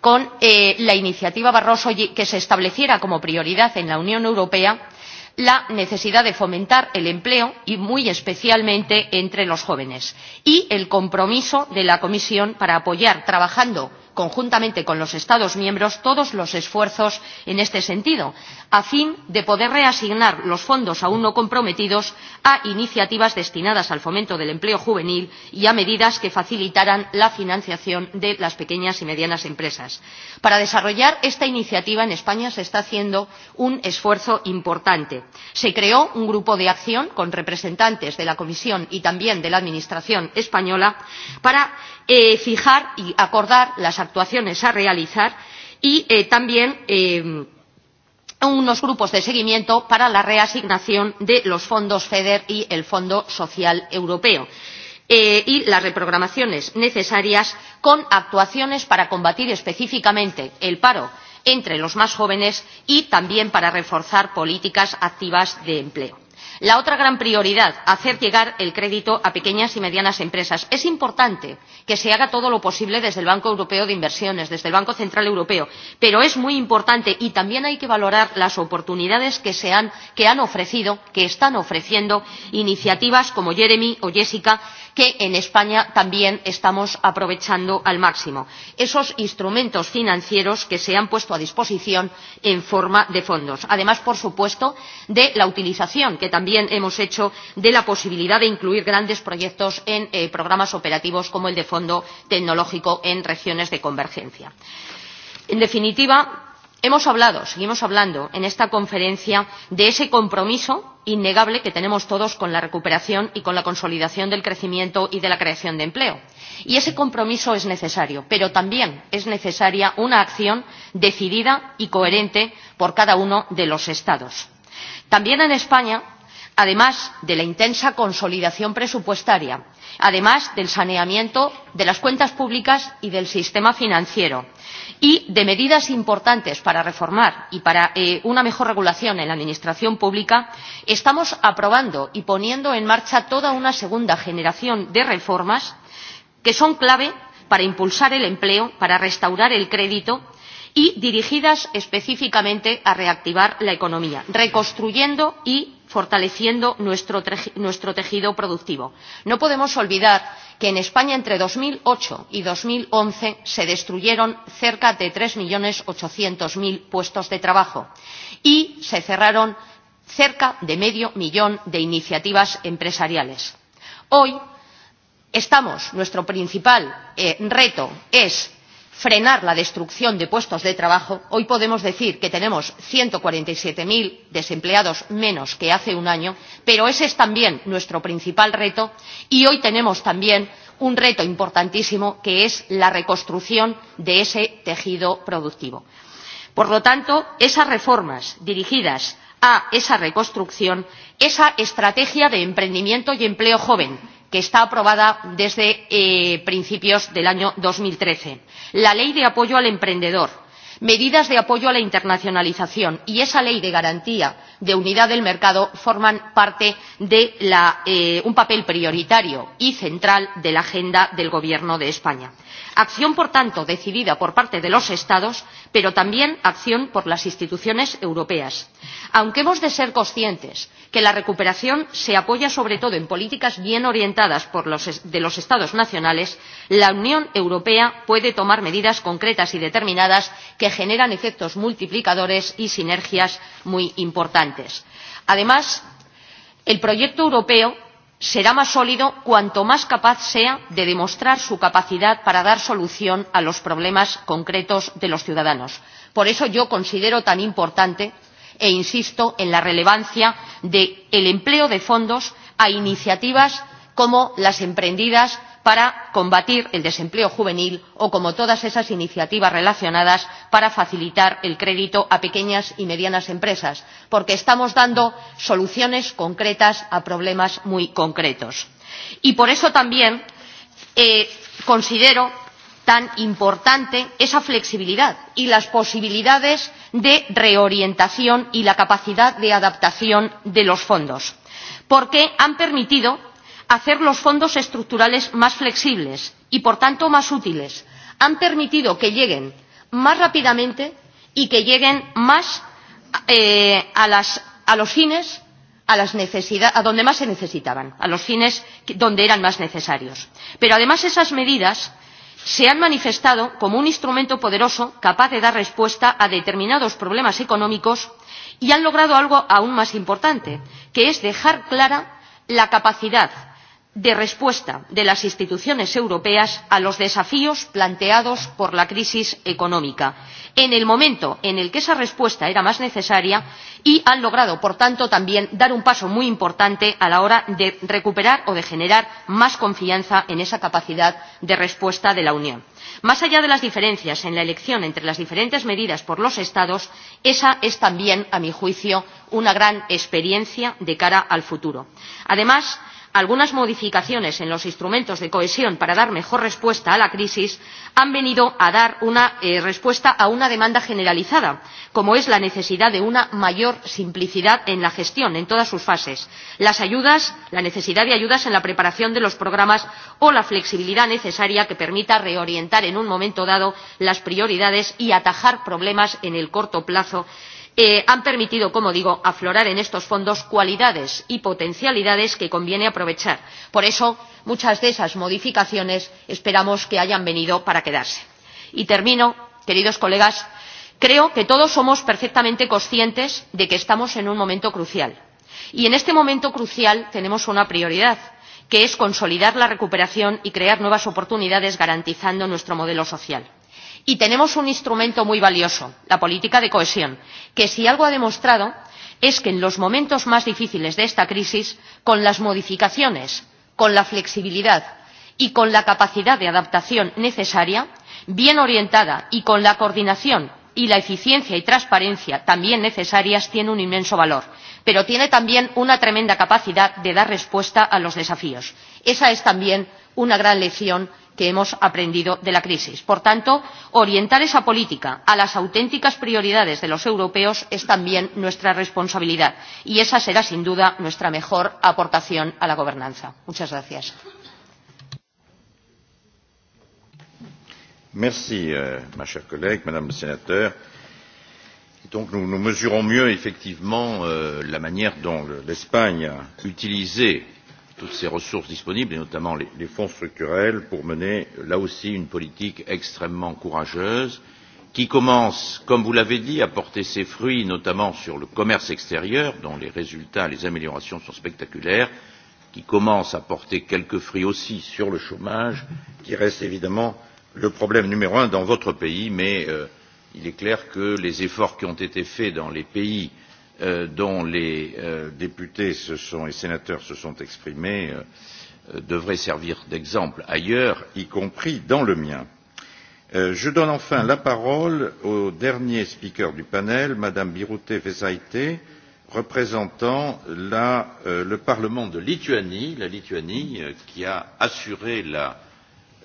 con eh, la iniciativa Barroso que se estableciera como prioridad en la Unión Europea la necesidad de fomentar el empleo y muy especialmente entre los jóvenes y el compromiso de la Comisión para apoyar trabajando conjuntamente con los Estados miembros todos los esfuerzos en este sentido, a fin de poder reasignar los fondos aún no comprometidos a iniciativas destinadas al fomento del empleo juvenil y a medidas que facilitaran la financiación de las pequeñas y medianas empresas. Para desarrollar esta iniciativa en España se está haciendo un esfuerzo importante. Se creó un grupo de acción con representantes de la Comisión y también de la Administración española para Eh, fijar y acordar las actuaciones a realizar y eh, también eh, unos grupos de seguimiento para la reasignación de los fondos FEDER y el Fondo Social Europeo eh, y las reprogramaciones necesarias con actuaciones para combatir específicamente el paro entre los más jóvenes y también para reforzar políticas activas de empleo. La otra gran prioridad, hacer llegar el crédito a pequeñas y medianas empresas. Es importante que se haga todo lo posible desde el Banco Europeo de Inversiones, desde el Banco Central Europeo, pero es muy importante y también hay que valorar las oportunidades que, se han, que han ofrecido, que están ofreciendo iniciativas como Jeremy o Jessica que en España también estamos aprovechando al máximo esos instrumentos financieros que se han puesto a disposición en forma de fondos. Además, por supuesto, de la utilización que también hemos hecho de la posibilidad de incluir grandes proyectos en eh, programas operativos como el de Fondo Tecnológico en regiones de convergencia. En definitiva, hemos hablado seguimos hablando en esta conferencia de ese compromiso innegable que tenemos todos con la recuperación y con la consolidación del crecimiento y de la creación de empleo. Y ese compromiso es necesario, pero también es necesaria una acción decidida y coherente por cada uno de los Estados. También en España además de la intensa consolidación presupuestaria, además del saneamiento de las cuentas públicas y del sistema financiero, y de medidas importantes para reformar y para eh, una mejor regulación en la Administración pública, estamos aprobando y poniendo en marcha toda una segunda generación de reformas que son clave para impulsar el empleo, para restaurar el crédito y dirigidas específicamente a reactivar la economía, reconstruyendo y fortaleciendo nuestro, nuestro tejido productivo. No podemos olvidar que en España entre 2008 y 2011 se destruyeron cerca de 3.800.000 puestos de trabajo y se cerraron cerca de medio millón de iniciativas empresariales. Hoy estamos, nuestro principal eh, reto es frenar la destrucción de puestos de trabajo hoy podemos decir que tenemos ciento cuarenta y siete cero desempleados menos que hace un año pero ese es también nuestro principal reto y hoy tenemos también un reto importantísimo que es la reconstrucción de ese tejido productivo. por lo tanto esas reformas dirigidas a esa reconstrucción esa estrategia de emprendimiento y empleo joven que está aprobada desde eh, principios del año 2013. La ley de apoyo al emprendedor, medidas de apoyo a la internacionalización y esa ley de garantía de unidad del mercado forman parte de eh, un papel prioritario y central de la agenda del gobierno de españa. acción por tanto decidida por parte de los estados pero también acción por las instituciones europeas. aunque hemos de ser conscientes de que la recuperación se apoya sobre todo en políticas bien orientadas de los estados nacionales la unión europea puede tomar medidas concretas y determinadas que generan efectos multiplicadores y sinergias muy importantes. Además, el proyecto europeo será más sólido cuanto más capaz sea de demostrar su capacidad para dar solución a los problemas concretos de los ciudadanos. Por eso yo considero tan importante e insisto en la relevancia del de empleo de fondos a iniciativas como las emprendidas para combatir el desempleo juvenil o como todas esas iniciativas relacionadas para facilitar el crédito a pequeñas y medianas empresas porque estamos dando soluciones concretas a problemas muy concretos. Y por eso también eh, considero tan importante esa flexibilidad y las posibilidades de reorientación y la capacidad de adaptación de los fondos porque han permitido hacer los fondos estructurales más flexibles y por tanto más útiles han permitido que lleguen más rápidamente y que lleguen más eh, a, las, a los fines a, las a donde más se necesitaban, a los fines donde eran más necesarios. Pero además esas medidas se han manifestado como un instrumento poderoso capaz de dar respuesta a determinados problemas económicos y han logrado algo aún más importante, que es dejar clara la capacidad de respuesta de las instituciones europeas a los desafíos planteados por la crisis económica en el momento en el que esa respuesta era más necesaria y han logrado, por tanto, también dar un paso muy importante a la hora de recuperar o de generar más confianza en esa capacidad de respuesta de la Unión. Más allá de las diferencias en la elección entre las diferentes medidas por los Estados, esa es también, a mi juicio, una gran experiencia de cara al futuro. Además, algunas modificaciones en los instrumentos de cohesión para dar mejor respuesta a la crisis han venido a dar una eh, respuesta a una demanda generalizada, como es la necesidad de una mayor simplicidad en la gestión en todas sus fases, las ayudas, la necesidad de ayudas en la preparación de los programas o la flexibilidad necesaria que permita reorientar en un momento dado las prioridades y atajar problemas en el corto plazo eh, han permitido, como digo, aflorar en estos fondos cualidades y potencialidades que conviene aprovechar. Por eso, muchas de esas modificaciones esperamos que hayan venido para quedarse. Y termino, queridos colegas, creo que todos somos perfectamente conscientes de que estamos en un momento crucial. Y en este momento crucial tenemos una prioridad, que es consolidar la recuperación y crear nuevas oportunidades garantizando nuestro modelo social y tenemos un instrumento muy valioso la política de cohesión que si algo ha demostrado es que en los momentos más difíciles de esta crisis con las modificaciones con la flexibilidad y con la capacidad de adaptación necesaria bien orientada y con la coordinación y la eficiencia y transparencia también necesarias tiene un inmenso valor pero tiene también una tremenda capacidad de dar respuesta a los desafíos. esa es también una gran lección que hemos aprendido de la crisis. Por tanto, orientar esa política a las auténticas prioridades de los europeos es también nuestra responsabilidad y esa será, sin duda, nuestra mejor aportación a la gobernanza. Muchas gracias. Merci, euh, ma chère collègue, Madame la Sénateur. Et donc, nous, nous mesurons mieux effectivement euh, la manière dont l'Espagne a utilisé euh, toutes ses ressources disponibles et notamment les fonds structurels pour mener là aussi une politique extrêmement courageuse qui commence comme vous l'avez dit à porter ses fruits notamment sur le commerce extérieur dont les résultats et les améliorations sont spectaculaires qui commence à porter quelques fruits aussi sur le chômage qui reste évidemment le problème numéro un dans votre pays mais euh, il est clair que les efforts qui ont été faits dans les pays Euh, dont les euh, députés et sénateurs se sont exprimés euh, devrait servir d'exemple ailleurs y compris dans le mien. je donne enfin la parole au dernier speaker du panel mme birutė vėsaitė représentant le parlement de lituanie la lituanie qui a assuré la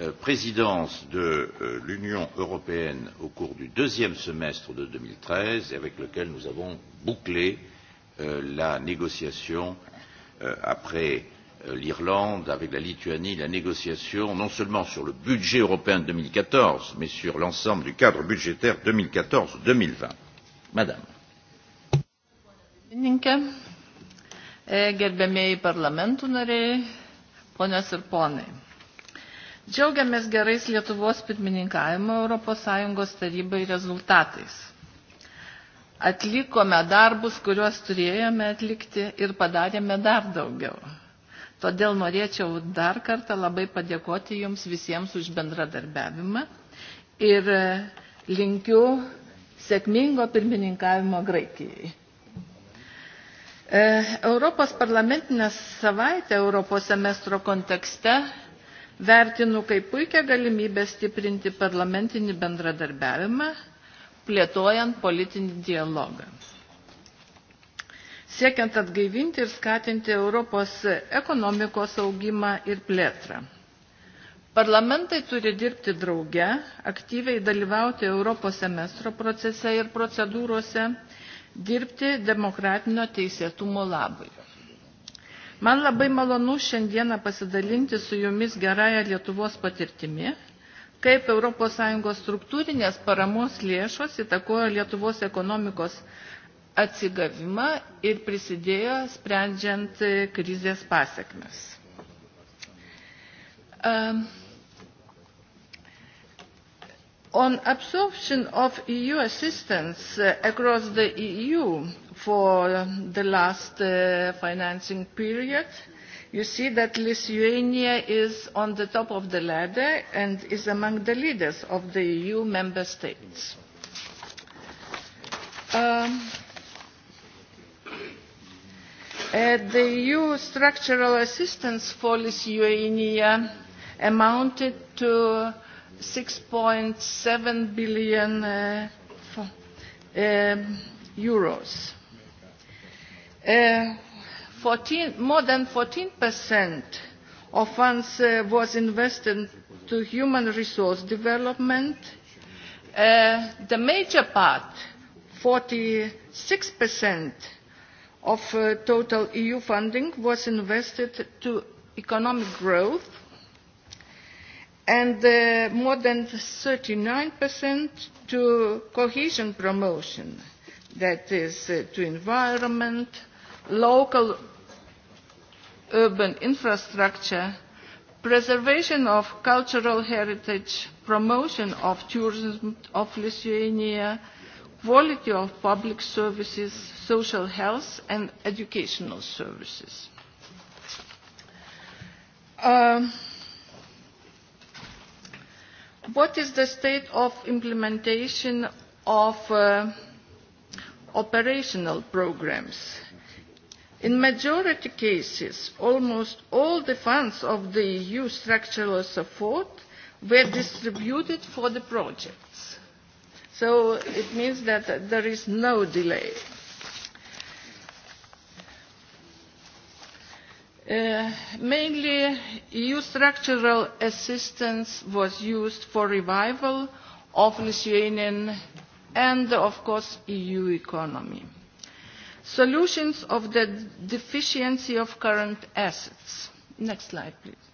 Euh, présidence de euh, l'Union européenne au cours du deuxième semestre de deux mille treize, avec lequel nous avons bouclé euh, la négociation euh, après euh, l'Irlande, avec la Lituanie, la négociation non seulement sur le budget européen de deux mille quatorze, mais sur l'ensemble du cadre budgétaire deux mille quatorze deux mille vingt. Madame. Pirmininkė, e, gerbėmiai parlamentų nariai, ponės ir ponai. Džiaugiamės gerais Lietuvos pirmininkavimo ES tarybai rezultatais. Atlikome darbus, kuriuos turėjome atlikti ir padarėme dar daugiau. Todėl norėčiau dar kartą labai padėkoti Jums visiems už bendradarbiavimą ir e, linkiu sėkmingo pirmininkavimo Graikijai. E, Europos parlamentinės savaitė Europos semestro kontekste vertinu kaip puikia galimybė stiprinti parlamentinį bendradarbiavimą, plėtojant politinį dialogą. Siekiant atgaivinti ir skatinti Europos ekonomikos augimą ir plėtrą. Parlamentai turi dirbti drauge, aktyviai dalyvauti Europos semestro procese ir procedūrose, dirbti demokratinio teisėtumo labui. Man labai malonu šiandieną pasidalinti su jumis gerąją Lietuvos patirtimi, kaip ES struktūrinės paramos lėšos įtakojo Lietuvos ekonomikos atsigavimą ir prisidėjo sprendžiant krizės pasiekmes on absorption of eu assistance uh, across the eu for um, the last uh, financing period you see that lithuania is on the top of the ladder and is among the leaders of the eu member states um, uh, the eu structural assistance for lithuania amounted to 6.7 billion uh, uh, euros. Uh, 14, more than 14% of funds uh, was invested to human resource development. Uh, the major part, 46% of uh, total EU funding was invested to economic growth, and uh, more than 39% to cohesion promotion, that is, uh, to environment, local urban infrastructure, preservation of cultural heritage, promotion of tourism of Lithuania, quality of public services, social health and educational services. Uh, What is the state of implementation of uh, operational programs? In majority cases, almost all the funds of the EU structural support were distributed for the projects. So it means that there is no delay. Uh, mainly eu structural assistance was used for revival of lithuanian and of course eu economy. solutions of the deficiency of current assets. next slide please.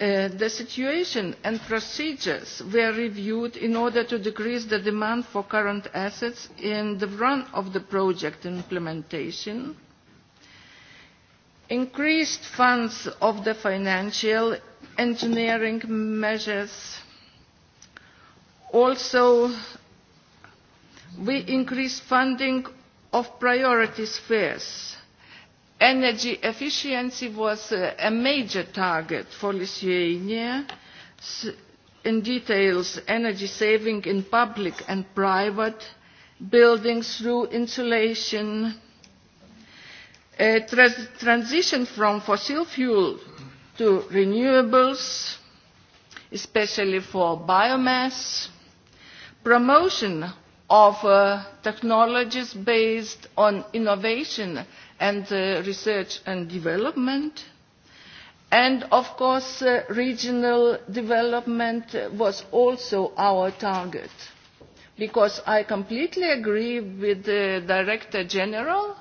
Uh, the situation and procedures were reviewed in order to decrease the demand for current assets in the run of the project implementation increased funds of the financial engineering measures also we increased funding of priority spheres energy efficiency was a major target for Lithuania in details energy saving in public and private buildings through insulation a transition from fossil fuel to renewables especially for biomass promotion of uh, technologies based on innovation and uh, research and development and of course uh, regional development was also our target because i completely agree with the director general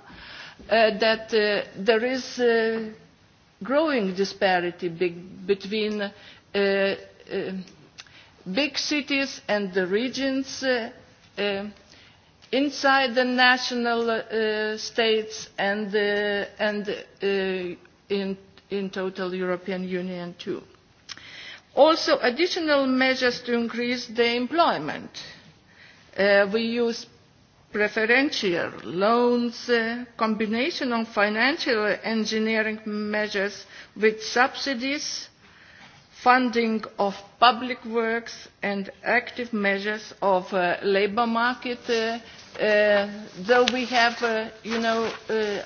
uh, that uh, there is a uh, growing disparity be between uh, uh, big cities and the regions uh, uh, inside the national uh, states and, uh, and uh, in, in total European Union too. Also additional measures to increase the employment. Uh, we use preferential loans, a uh, combination of financial engineering measures with subsidies, funding of public works and active measures of uh, labor market, uh, uh, though we have, uh, you know, uh,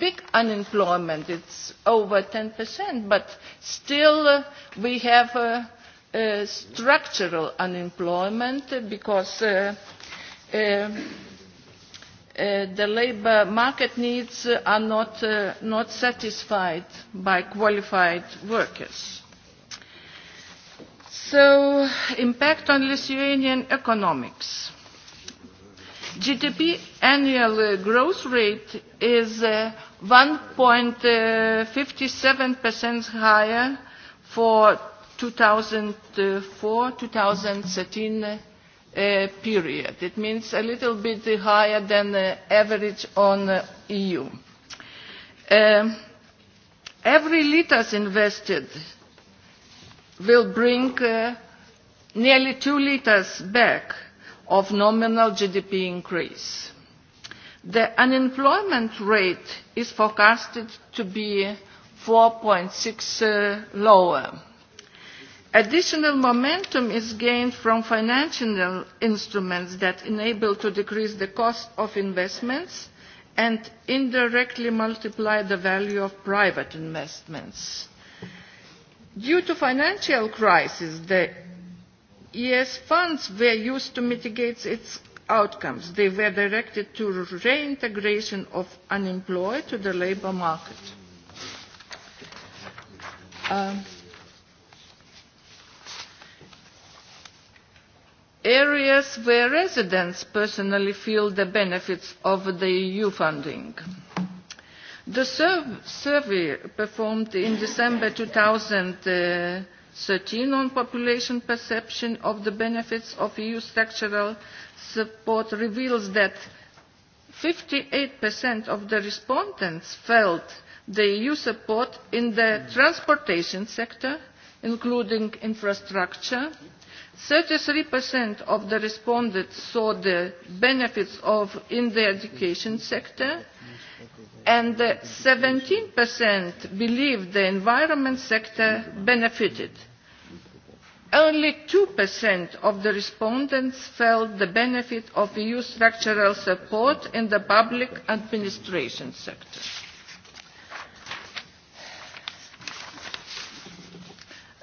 big unemployment, it's over 10%, but still uh, we have uh, uh, structural unemployment because uh, uh, Uh, the labour market needs are uh, not satisfied by qualified workers. so impact on lithuanian economics. gdp annual growth rate is 1.57% uh, higher for 2004-2013 period. It means a little bit higher than the uh, average on uh, EU. Um, every liters invested will bring uh, nearly two liters back of nominal GDP increase. The unemployment rate is forecasted to be 4.6% lower. Additional momentum is gained from financial instruments that enable to decrease the cost of investments and indirectly multiply the value of private investments. Due to financial crisis, the ES funds were used to mitigate its outcomes. They were directed to reintegration of unemployed to the labour market. Um, areas where residents personally feel the benefits of the eu funding. the survey performed in december two thousand and thirteen on population perception of the benefits of eu structural support reveals that fifty eight of the respondents felt the eu support in the transportation sector including infrastructure thirty three percent of the respondents saw the benefits of in the education sector and seventeen percent believed the environment sector benefited. Only 2% of the respondents felt the benefit of EU structural support in the public administration sector.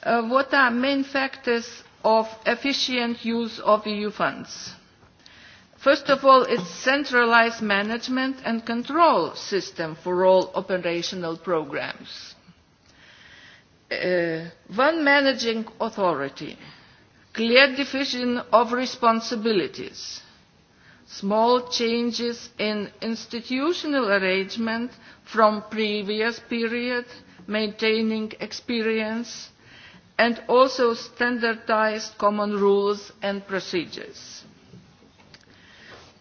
Uh, what are main factors of efficient use of eu funds. first of all its centralised management and control system for all operational programmes. Uh, one managing authority, clear division of responsibilities, small changes in institutional arrangement from previous period, maintaining experience, and also standardised common rules and procedures.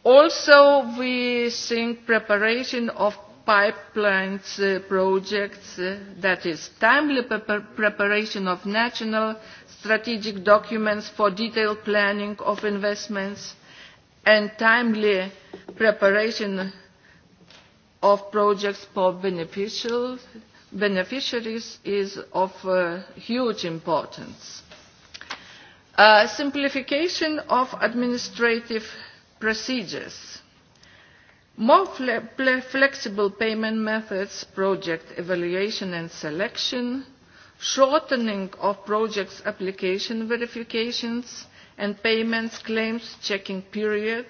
Also, we think preparation of pipeline uh, projects, uh, that is, timely pre preparation of national strategic documents for detailed planning of investments and timely preparation of projects for beneficial beneficiaries is of uh, huge importance. Uh, simplification of administrative procedures. More fle flexible payment methods, project evaluation and selection, shortening of project's application verifications and payments claims checking period,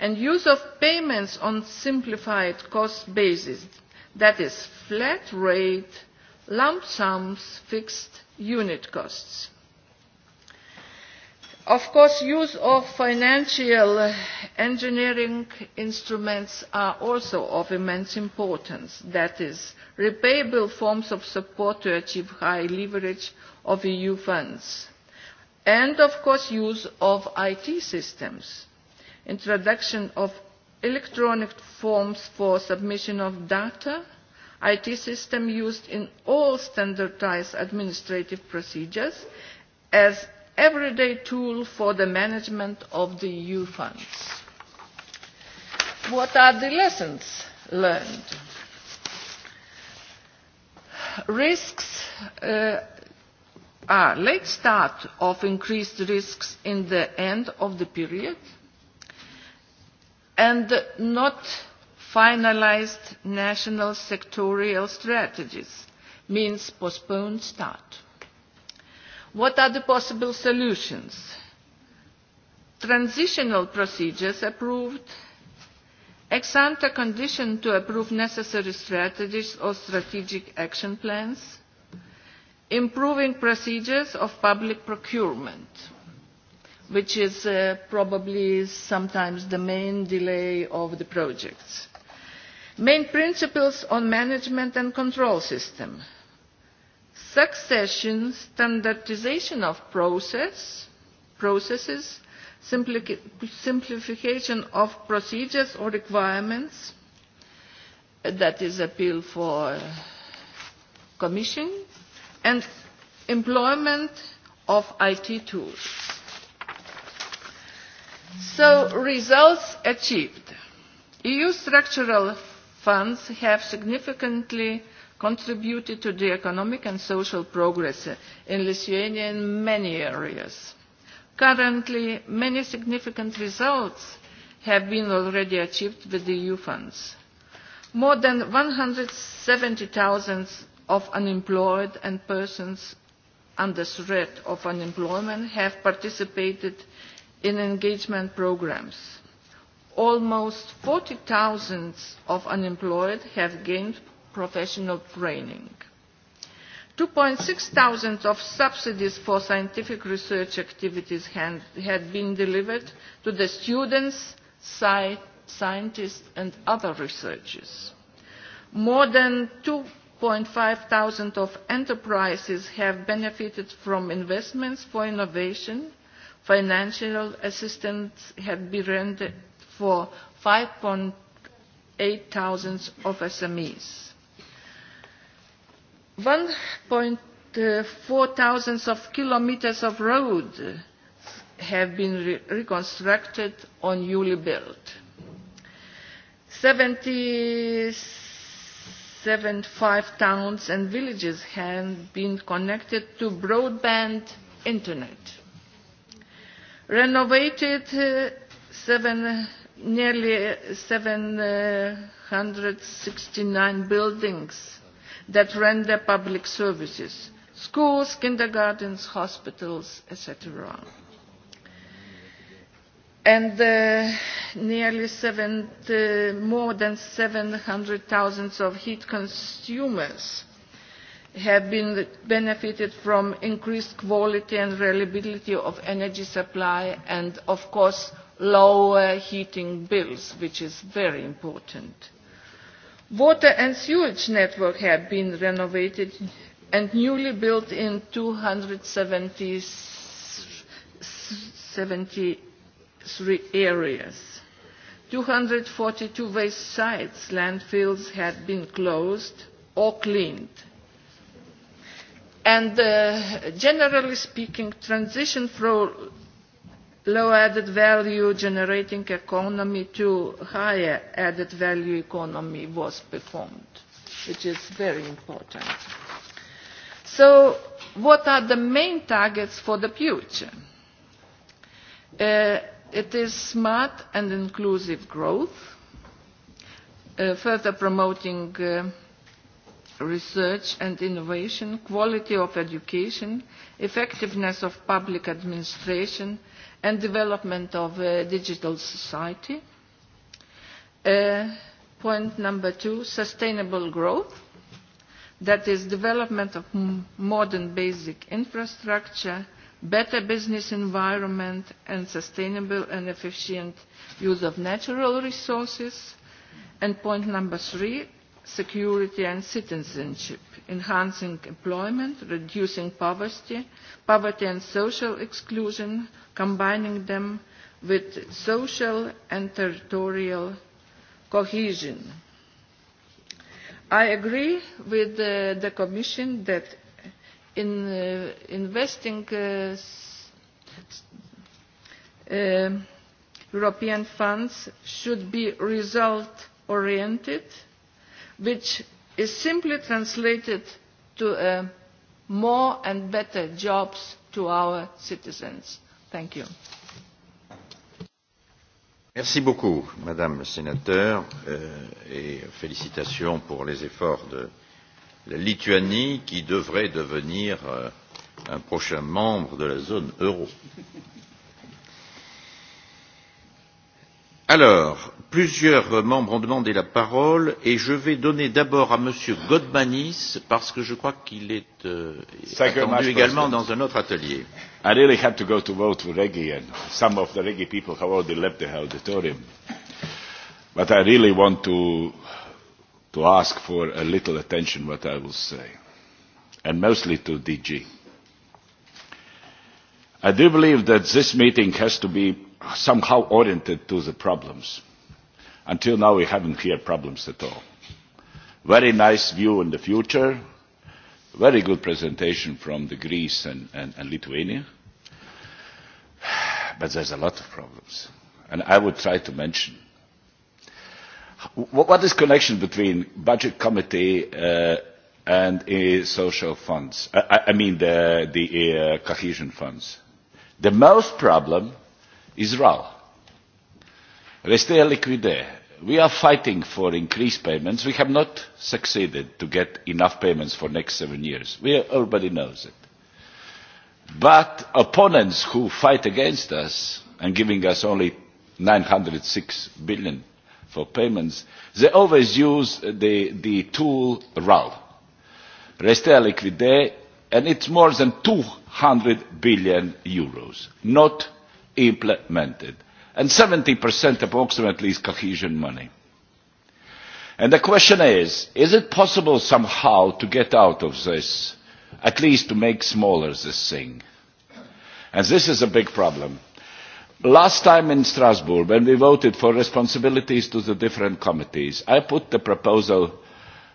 and use of payments on simplified cost basis that is flat rate, lump sums, fixed unit costs. Of course, use of financial engineering instruments are also of immense importance. That is, repayable forms of support to achieve high leverage of EU funds. And of course, use of IT systems. Introduction of electronic forms for submission of data, IT system used in all standardized administrative procedures as everyday tool for the management of the EU funds. What are the lessons learned? Risks uh, are late start of increased risks in the end of the period, and not finalised national sectoral strategies means postponed start. What are the possible solutions? Transitional procedures approved, ex ante condition to approve necessary strategies or strategic action plans, improving procedures of public procurement which is uh, probably sometimes the main delay of the projects. Main principles on management and control system. Succession standardization of process, processes, simpli simplification of procedures or requirements, that is appeal for commission, and employment of IT tools. So, results achieved. EU structural funds have significantly contributed to the economic and social progress in Lithuania in many areas. Currently, many significant results have been already achieved with the EU funds. More than 170,000 of unemployed and persons under threat of unemployment have participated in engagement programmes. Almost 40,000 of unemployed have gained professional training. 2.6 thousand of subsidies for scientific research activities had, had been delivered to the students, sci scientists and other researchers. More than 2.5 thousand of enterprises have benefited from investments for innovation financial assistance have been rendered for 5.8 thousands of SMEs. 1.4 thousands of kilometers of road have been re reconstructed or newly built. 75 towns and villages have been connected to broadband internet renovated uh, nearly 769 buildings that render public services, schools, kindergartens, hospitals, et cetera. Uh, uh, more than 700,000 of heat consumers have been benefited from increased quality and reliability of energy supply and of course lower heating bills which is very important. Water and sewage network have been renovated and newly built in 273 areas. 242 waste sites, landfills had been closed or cleaned and uh, generally speaking transition from low added value generating economy to higher added value economy was performed which is very important so what are the main targets for the future uh, it is smart and inclusive growth uh, further promoting uh, research and innovation, quality of education, effectiveness of public administration, and development of a uh, digital society. Uh, point number two, sustainable growth, that is development of m modern basic infrastructure, better business environment, and sustainable and efficient use of natural resources. And point number three, security and citizenship enhancing employment reducing poverty poverty and social exclusion combining them with social and territorial cohesion i agree with the, uh, the commission that in uh, investing uh, uh, european funds should be result oriented which is simply translated into uh, more and better jobs for our citizens. thank you. merci beaucoup madame la sénatrice euh, et félicitations pour les efforts de la lituanie qui devrait devenir euh, un prochain membre de la zone euro. alors plusieurs membres ont demandé la parole et je vais donner d'abord à m. godmanis parce que je crois qu'il est euh, attendu également dans un autre atelier. i really had to go to vote for reggie and some of the reggie people have already left the auditorium. but i really want to, to ask for a little attention what i will say and mostly to dg. i do believe that this meeting has to be somehow oriented to the problems. Until now, we haven't had problems at all. Very nice view in the future. Very good presentation from the Greece and, and, and Lithuania. But there's a lot of problems. And I would try to mention. What, what is connection between budget committee uh, and uh, social funds? Uh, I, I mean the, the uh, cohesion funds. The most problem Israel. Rest there liquide. We are fighting for increased payments. We have not succeeded to get enough payments for next seven years. We are, everybody knows it. But opponents who fight against us and giving us only 906 billion for payments, they always use the, the tool RAL. Reste liquide, and it's more than 200 billion euros, not implemented. And 70% approximately is cohesion money. And the question is, is it possible somehow to get out of this, at least to make smaller this thing? And this is a big problem. Last time in Strasbourg, when we voted for responsibilities to the different committees, I put the proposal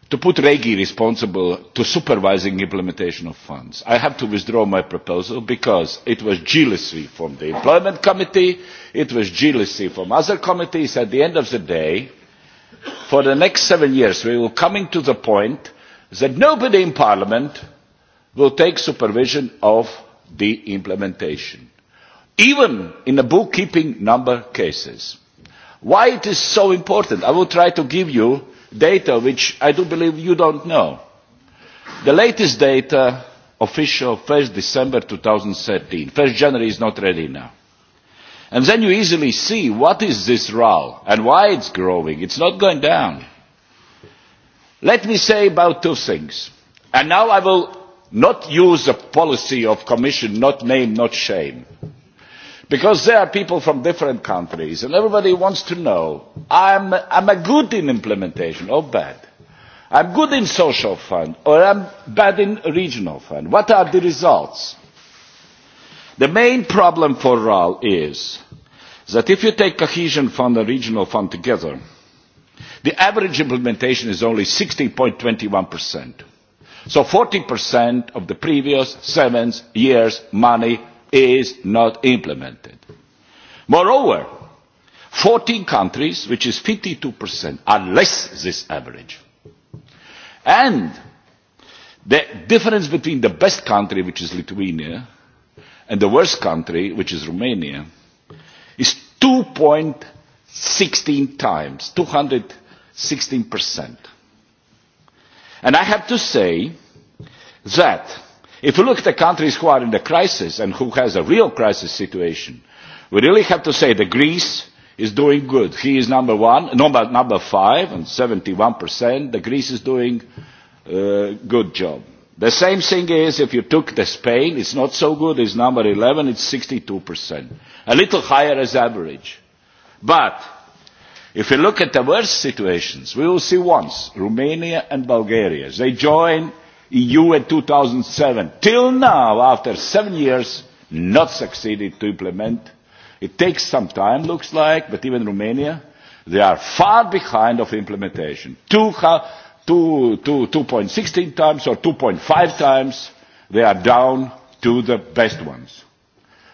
to put regi responsible to supervising implementation of funds i have to withdraw my proposal because it was jealousy from the employment committee it was jealousy from other committees at the end of the day for the next seven years we will come to the point that nobody in parliament will take supervision of the implementation even in the bookkeeping number cases why it is so important i will try to give you data which i do believe you do not know the latest data official 1st december 2013 1st january is not ready now and then you easily see what is this row and why it's growing it's not going down let me say about two things and now i will not use the policy of commission not name not shame' because there are people from different countries and everybody wants to know I'm, I'm a good in implementation or bad i'm good in social fund or i'm bad in regional fund what are the results the main problem for RAL is that if you take cohesion fund and regional fund together the average implementation is only 16.21% so 40% of the previous seven years money is not implemented. Moreover, 14 countries, which is 52%, are less this average. And the difference between the best country, which is Lithuania, and the worst country, which is Romania, is 2.16 times, 216%. And I have to say that if you look at the countries who are in the crisis and who has a real crisis situation, we really have to say that greece is doing good. he is number one, number, number five, and 71%. the greece is doing a uh, good job. the same thing is if you took the spain, it's not so good. it's number 11. it's 62%. a little higher as average. but if you look at the worst situations, we will see once romania and bulgaria. they join in june two thousand and seven until now after seven years not succeeded to implement it takes some time it looks like but even romania they are far behind of implementation two, two, two, 2.16 times or 2.5 times they are down to the best ones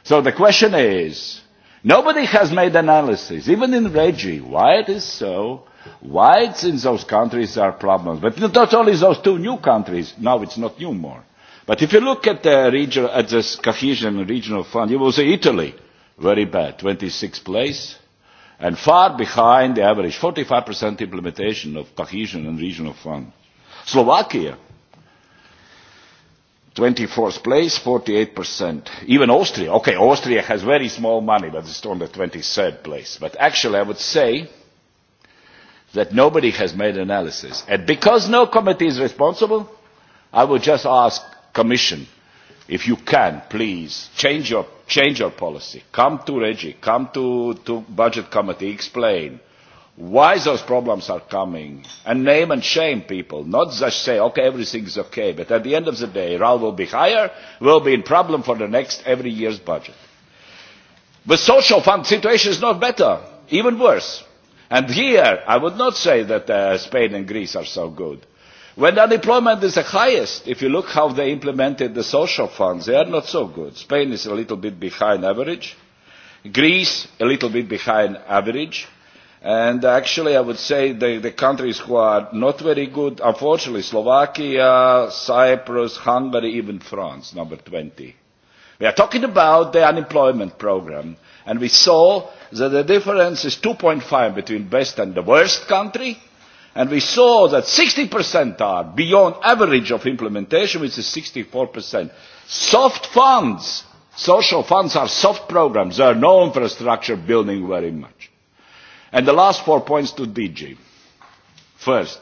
so the question is Nobody has made analysis, even in Reggie, why it is so, why it's in those countries there are problems. But not only those two new countries, now it's not new more. But if you look at the region, at this cohesion regional fund, you will see Italy, very bad, 26th place, and far behind the average, 45% implementation of cohesion and regional fund. Slovakia, 24th place, 48%. Even Austria. Okay, Austria has very small money, but it's on the 23rd place. But actually, I would say that nobody has made analysis. And because no committee is responsible, I would just ask Commission, if you can, please, change your, change your policy. Come to Reggie, come to, to Budget Committee, explain why those problems are coming, and name and shame people, not just say, okay, everything's okay, but at the end of the day, RAL will be higher, will be in problem for the next every year's budget. The social fund situation is not better, even worse. And here, I would not say that uh, Spain and Greece are so good. When unemployment is the highest, if you look how they implemented the social funds, they are not so good. Spain is a little bit behind average. Greece, a little bit behind average. And actually, I would say the, the countries who are not very good, unfortunately, Slovakia, Cyprus, Hungary, even France, number 20. We are talking about the unemployment program. And we saw that the difference is 2.5 between best and the worst country. And we saw that 60% are beyond average of implementation, which is 64%. Soft funds, social funds are soft programs. They are no infrastructure building very much. And the last four points to DG. First,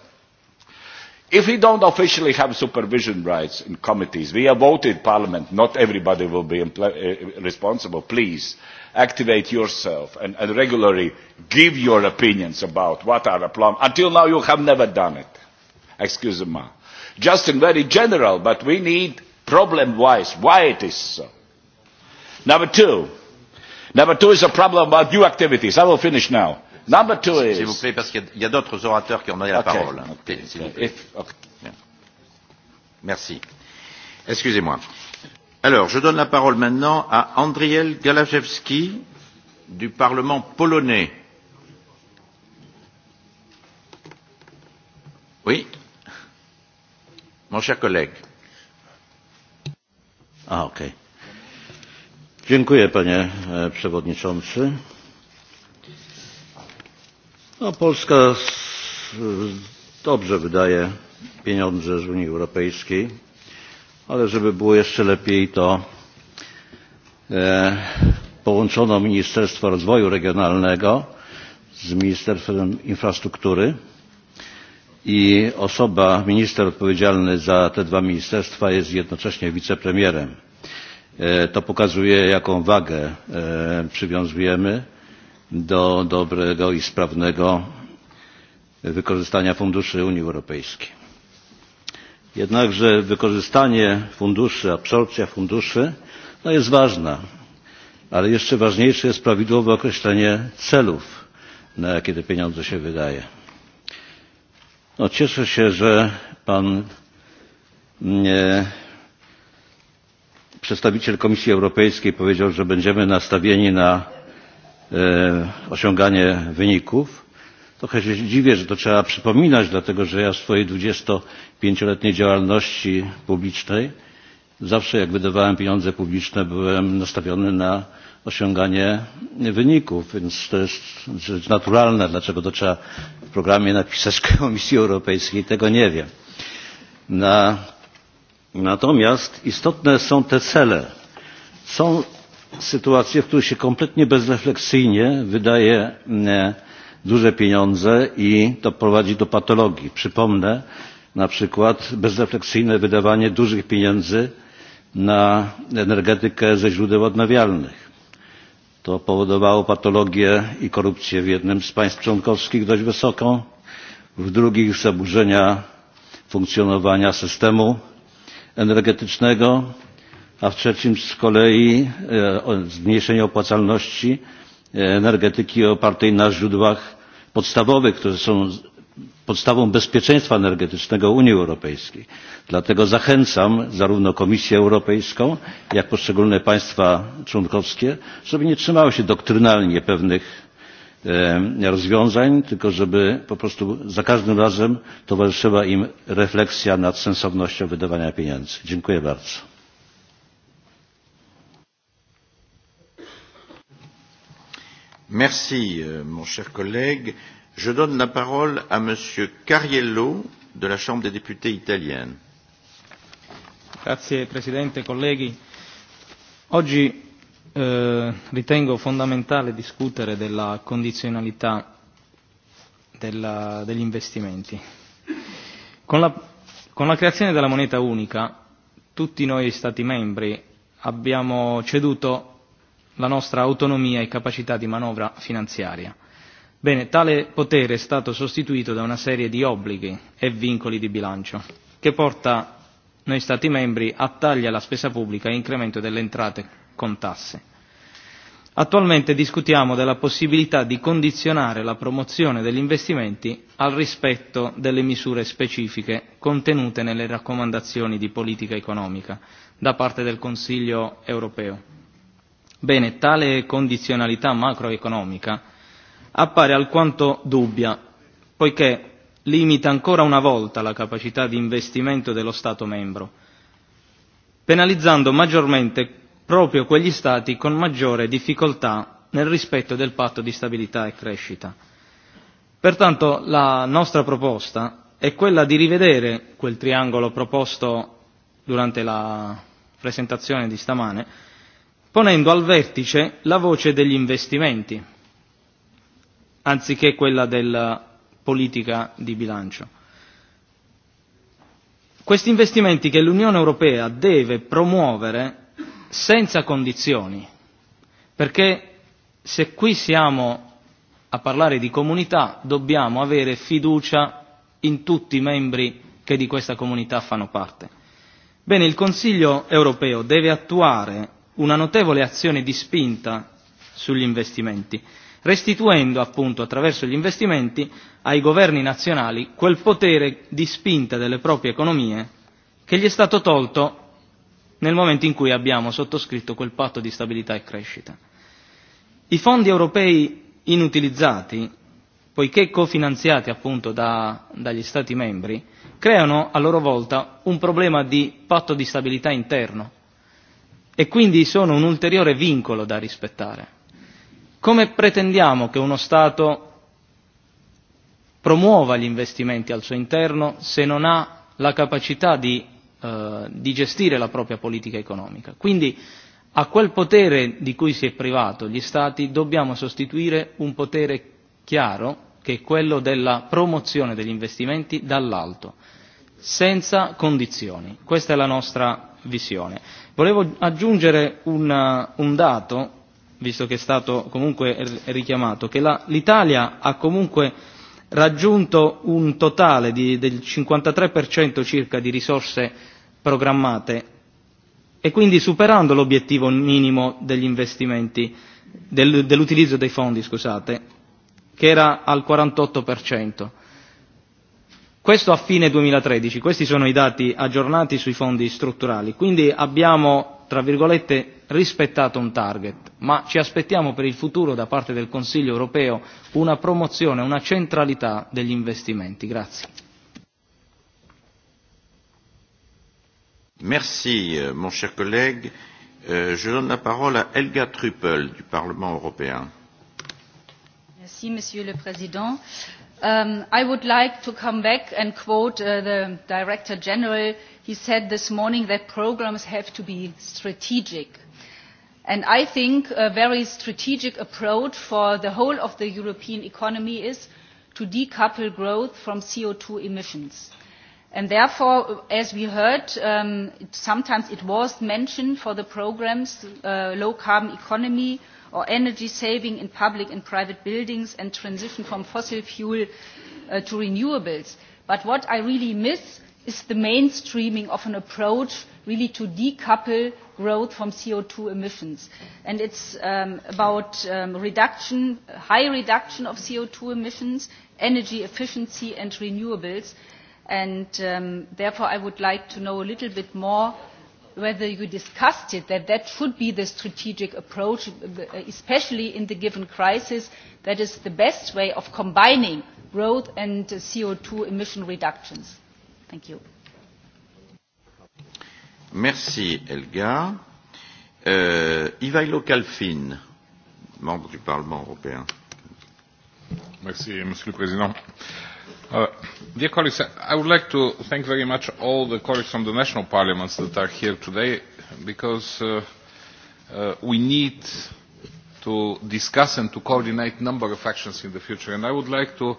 if we don't officially have supervision rights in committees, we have voted parliament, not everybody will be impl- uh, uh, responsible. Please activate yourself and, and regularly give your opinions about what are the problems. Until now, you have never done it. Excuse me. Just in very general, but we need problem wise why it is so. Number two. Number two is a problem about new activities. I will finish now. Number two is. S'il vous plaît, parce qu'il y a, a d'autres orateurs qui ont donné la okay. parole. Okay. Vous plaît. If, okay. Merci. Excusez-moi. Alors, je donne la parole maintenant à Andriel Galachewski du Parlement polonais. Oui. Mon cher collègue. Ah, ok. Dziękuję, panie e, przewodniczący. No, Polska dobrze wydaje pieniądze z Unii Europejskiej, ale żeby było jeszcze lepiej, to e, połączono Ministerstwo Rozwoju Regionalnego z Ministerstwem Infrastruktury i osoba, minister odpowiedzialny za te dwa ministerstwa jest jednocześnie wicepremierem. E, to pokazuje, jaką wagę e, przywiązujemy do dobrego i sprawnego wykorzystania funduszy Unii Europejskiej. Jednakże wykorzystanie funduszy, absorpcja funduszy no jest ważna, ale jeszcze ważniejsze jest prawidłowe określenie celów, na jakie te pieniądze się wydaje. No, cieszę się, że pan nie, mm, przedstawiciel Komisji Europejskiej powiedział, że będziemy nastawieni na e, osiąganie wyników. Trochę się dziwię, że to trzeba przypominać, dlatego że ja w swojej 25-letniej działalności publicznej zawsze jak wydawałem pieniądze publiczne byłem nastawiony na osiąganie wyników, więc to jest rzecz naturalna, dlaczego to trzeba w programie napisać Komisji Europejskiej, tego nie wiem. Na, natomiast istotne są te cele. Są sytuację w której się kompletnie bezrefleksyjnie wydaje mm, e, duże pieniądze i to prowadzi do patologii. przypomnę na przykład bezrefleksyjne wydawanie dużych pieniędzy na energetykę ze źródeł odnawialnych. To powodowało patologię i korupcję w jednym z państw członkowskich dość wysoką, w drugich zaburzenia funkcjonowania systemu energetycznego a w trzecim z kolei e, zmniejszenie opłacalności e, energetyki opartej na źródłach podstawowych które są podstawą bezpieczeństwa energetycznego unii europejskiej. dlatego zachęcam zarówno komisję europejską jak i poszczególne państwa członkowskie żeby nie trzymały się doktrynalnie pewnych e, rozwiązań tylko żeby po prostu za każdym razem towarzyszyła im refleksja nad sensownością wydawania pieniędzy. dziękuję bardzo. merci euh, mon cher collègue je donne la parole à m. cariello de la chambre des députés italienne. signor presidente onorevoli colleghi oggi eh, ritengo fondamentale discutere della condizionalità degli investimenti. con la creazione della moneta unica tutti noi stati membri abbiamo ceduto la nostra autonomia e capacità di manovra finanziaria. Bene, tale potere è stato sostituito da una serie di obblighi e vincoli di bilancio che porta noi Stati membri a tagli alla spesa pubblica e incremento delle entrate con tasse. Attualmente discutiamo della possibilità di condizionare la promozione degli investimenti al rispetto delle misure specifiche contenute nelle raccomandazioni di politica economica da parte del Consiglio europeo. Bene, tale condizionalità macroeconomica appare alquanto dubbia, poiché limita ancora una volta la capacità di investimento dello Stato membro, penalizzando maggiormente proprio quegli Stati con maggiore difficoltà nel rispetto del patto di stabilità e crescita. Pertanto la nostra proposta è quella di rivedere quel triangolo proposto durante la presentazione di stamane, eh, ponendo al vertice la voce degli investimenti anziché quella della politica di bilancio. Questi investimenti che l'Unione Europea deve promuovere senza condizioni, perché se qui siamo a parlare di comunità dobbiamo avere fiducia in tutti i membri che di questa comunità fanno parte. Bene, il Consiglio europeo deve attuare una notevole azione di spinta sugli investimenti, restituendo appunto attraverso gli investimenti ai governi nazionali quel potere di spinta delle proprie economie che gli è stato tolto nel momento in cui abbiamo sottoscritto quel patto di stabilità e crescita. I fondi europei inutilizzati, poiché cofinanziati appunto da, dagli Stati membri, creano a loro volta un problema di patto di stabilità interno, e quindi sono un ulteriore vincolo da rispettare. Come pretendiamo che uno Stato promuova gli investimenti al suo interno se non ha la capacità di, eh, di gestire la propria politica economica? Quindi a quel potere di cui si è privato gli Stati dobbiamo sostituire un potere chiaro che è quello della promozione degli investimenti dall'alto, senza condizioni. Questa è la nostra visione. Volevo aggiungere una, un dato, visto che è stato comunque richiamato, che la, l'Italia ha comunque raggiunto un totale di, del 53% circa di risorse programmate e quindi superando l'obiettivo minimo degli investimenti, del, dell'utilizzo dei fondi, scusate, che era al Questo a fine 2013, questi sono i dati aggiornati sui fondi strutturali, quindi abbiamo, tra virgolette, rispettato un target, ma ci aspettiamo per il futuro da parte del Consiglio europeo una promozione, una centralità degli investimenti. Grazie. Merci, euh, mon cher collègue. Euh, je donne la parole à Helga Truppel du Parlement européen. Merci, Monsieur le Président. Um, I would like to come back and quote uh, the Director General. He said this morning that programs have to be strategic. And I think a very strategic approach for the whole of the European economy is to decouple growth from CO2 emissions. And therefore, as we heard, um, sometimes it was mentioned for the programs, uh, low carbon economy, or energy saving in public and private buildings and transition from fossil fuel uh, to renewables. But what I really miss is the mainstreaming of an approach really to decouple growth from CO2 emissions. And it's um, about um, reduction, high reduction of CO2 emissions, energy efficiency and renewables. And um, therefore, I would like to know a little bit more whether you discussed it that that should be the strategic approach, especially in the given crisis, that is the best way of combining growth and CO2 emission reductions. Thank you. Merci, Elga. Euh, Ivailo Calfin, membre du Parlement européen. Merci, Monsieur le Président. Euh, Uh, dear colleagues i would like to thank very much all the colleagues from the national parliaments that are here today because uh, uh, we need to discuss and to coordinate a number of actions in the future and i would like to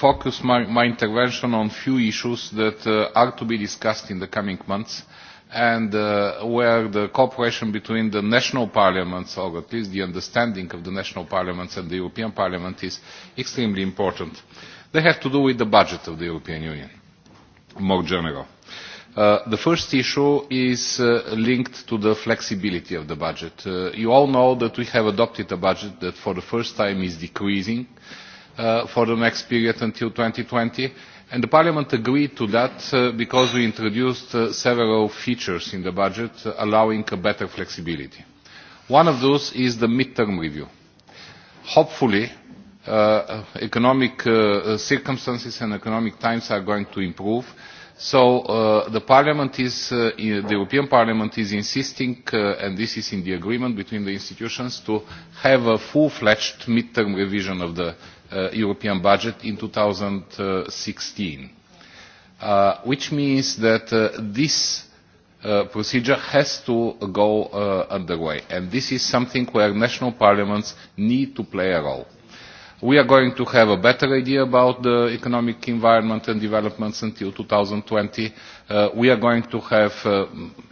focus my intervention on a few issues that are to be discussed in the coming months and where the cooperation between the national parliaments or at least the understanding of the national parliaments and the european parliament is extremely important. They have to do with the budget of the European Union, more general. Uh, the first issue is uh, linked to the flexibility of the budget. Uh, you all know that we have adopted a budget that for the first time is decreasing uh, for the next period until 2020, and the Parliament agreed to that uh, because we introduced uh, several features in the budget uh, allowing a better flexibility. One of those is the midterm review. Hopefully, Uh, economic uh, circumstances and economic times are going to improve so uh, the european parliament is insisting and this is in the agreement between the institutions to have a full fledged mid term revision of the european budget in two thousand and sixteen which means that this procedure has to get under way and this is something where national parliaments need to play a role we are going to have a better idea about the economic environment and developments until two thousand and twenty uh, we are going to have uh,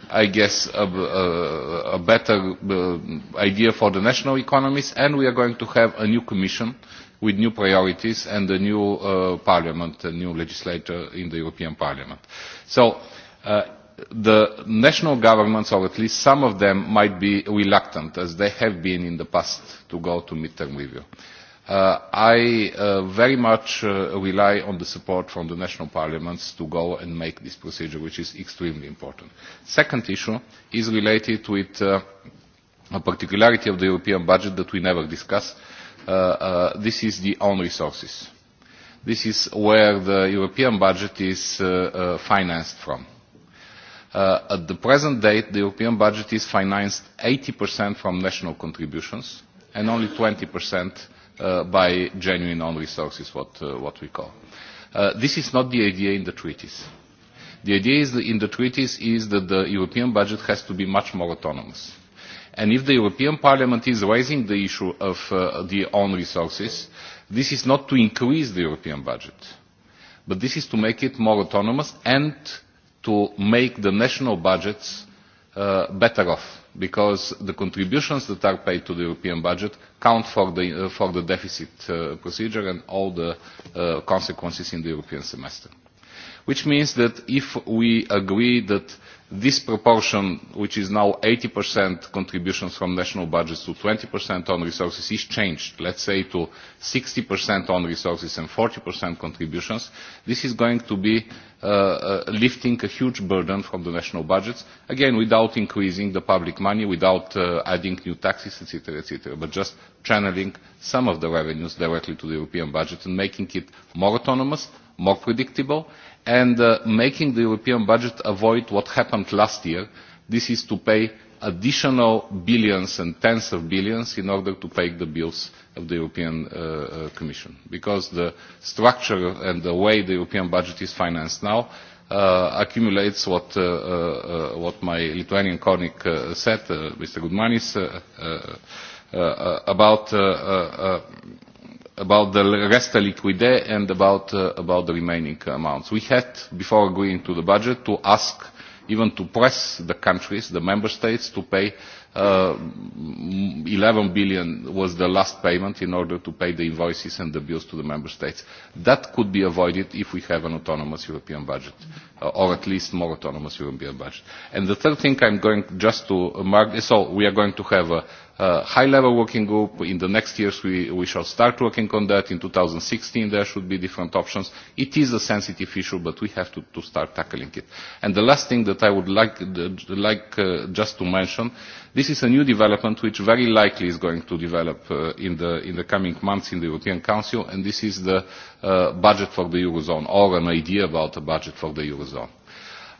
i guess a, a, a better uh, idea for the national economies and we are going to have a new commission with new priorities and a new uh, parliament a new legislature in the european parliament so uh, the national governments, or at least some of them, might be reluctant, as they have been in the past, to go to midterm review. Uh, I uh, very much uh, rely on the support from the national parliaments to go and make this procedure, which is extremely important. Second issue is related with uh, a particularity of the European budget that we never discuss. Uh, uh, this is the own resources. This is where the European budget is uh, uh, financed from. Uh, at the present date, the European budget is financed 80% from national contributions and only 20% Uh, by genuine own resources, what, uh, what we call. Uh, this is not the idea in the treaties. The idea is in the treaties is that the European budget has to be much more autonomous. And if the European Parliament is raising the issue of uh, the own resources, this is not to increase the European budget, but this is to make it more autonomous and to make the national budgets uh, better off because the contributions that are paid to the European budget count for the, uh, for the deficit uh, procedure and all the uh, consequences in the European semester. Which means that if we agree that this proportion which is now 80% contributions from national budgets to 20% on resources is changed, let's say to 60% on resources and 40% contributions. This is going to be uh, uh, lifting a huge burden from the national budgets, again without increasing the public money, without uh, adding new taxes, etc., etc., but just channeling some of the revenues directly to the European budget and making it more autonomous, more predictable, and uh, making the European budget avoid what happened last year. This is to pay additional billions and tens of billions in order to pay the bills of the European uh, uh Commission. Because the structure and the way the European budget is financed now uh, accumulates what, uh, uh, what my Lithuanian colleague uh, said, uh, Mr. Gudmanis, uh, uh, uh, uh, about uh, uh, uh about the rest liquide and about, uh, about the remaining amounts. We had, before agreeing to the budget, to ask even to press the countries, the member states, to pay uh, 11 billion was the last payment in order to pay the invoices and the bills to the member states. That could be avoided if we have an autonomous European budget, uh, or at least more autonomous European budget. And the third thing I'm going just to mark, so we are going to have a, Uh, high level working group in the next years we, we shall start working on that in two thousand and sixteen there should be different options. It is a sensitive issue, but we have to, to start tackling it and The last thing that I would like, the, like uh, just to mention this is a new development which very likely is going to develop uh, in, the, in the coming months in the European Council and this is the uh, budget for the eurozone or an idea about a budget for the eurozone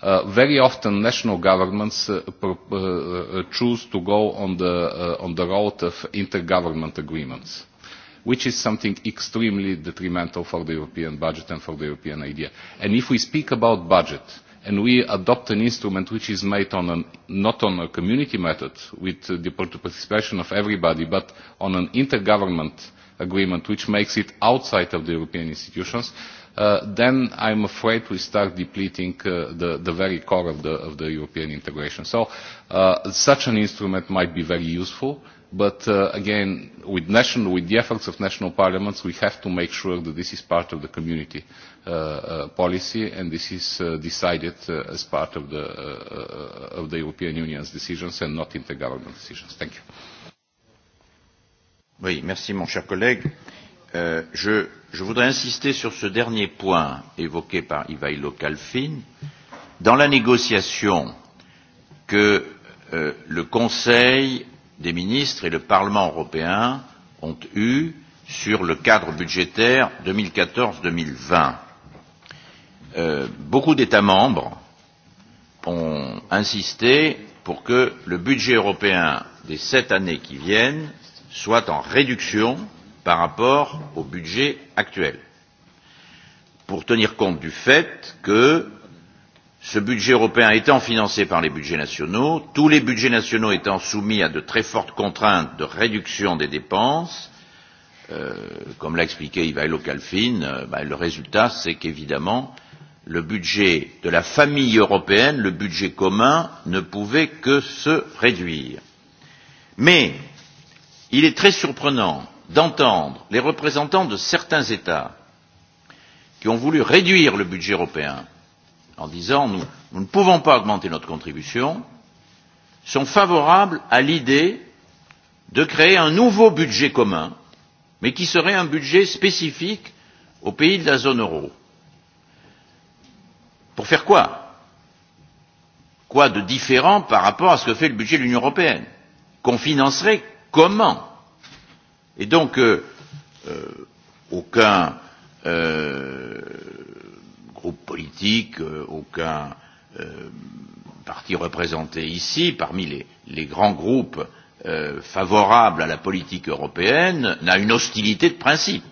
uh, very often national governments uh, pro- uh, uh, choose to go on the, uh, on the road of intergovernment agreements, which is something extremely detrimental for the European budget and for the European idea. And if we speak about budget, and we adopt an instrument which is made on an, not on a community method with the participation of everybody, but on an intergovernment agreement which makes it outside of the European institutions, Uh, then I'm afraid we start depleting uh, the, the very core of the, of the European integration. So uh, such an instrument might be very useful, but uh, again, with, national, with the efforts of national parliaments, we have to make sure that this is part of the community uh, uh, policy and this is uh, decided uh, as part of the, uh, uh of the European Union's decisions and not intergovernmental decisions. Thank you. Oui, merci, mon cher collègue. Euh, je... Je voudrais insister sur ce dernier point évoqué par Ivailo Kalfin. Dans la négociation que euh, le Conseil des ministres et le Parlement européen ont eue sur le cadre budgétaire 2014-2020, euh, beaucoup d'États membres ont insisté pour que le budget européen des sept années qui viennent soit en réduction euh, par rapport au budget actuel, pour tenir compte du fait que ce budget européen étant financé par les budgets nationaux, tous les budgets nationaux étant soumis à de très fortes contraintes de réduction des dépenses, euh, comme l'a expliqué Ivailo Calfin, euh, ben, le résultat c'est qu'évidemment le budget de la famille européenne, le budget commun, ne pouvait que se réduire. Mais il est très surprenant d'entendre les représentants de certains États qui ont voulu réduire le budget européen en disant nous, nous ne pouvons pas augmenter notre contribution sont favorables à l'idée de créer un nouveau budget commun, mais qui serait un budget spécifique aux pays de la zone euro. Pour faire quoi Quoi de différent par rapport à ce que fait le budget de l'Union européenne Qu'on financerait comment et donc euh, euh, aucun euh, groupe politique, euh, aucun euh, parti représenté ici, parmi les, les grands groupes euh, favorables à la politique européenne, n'a une hostilité de principe.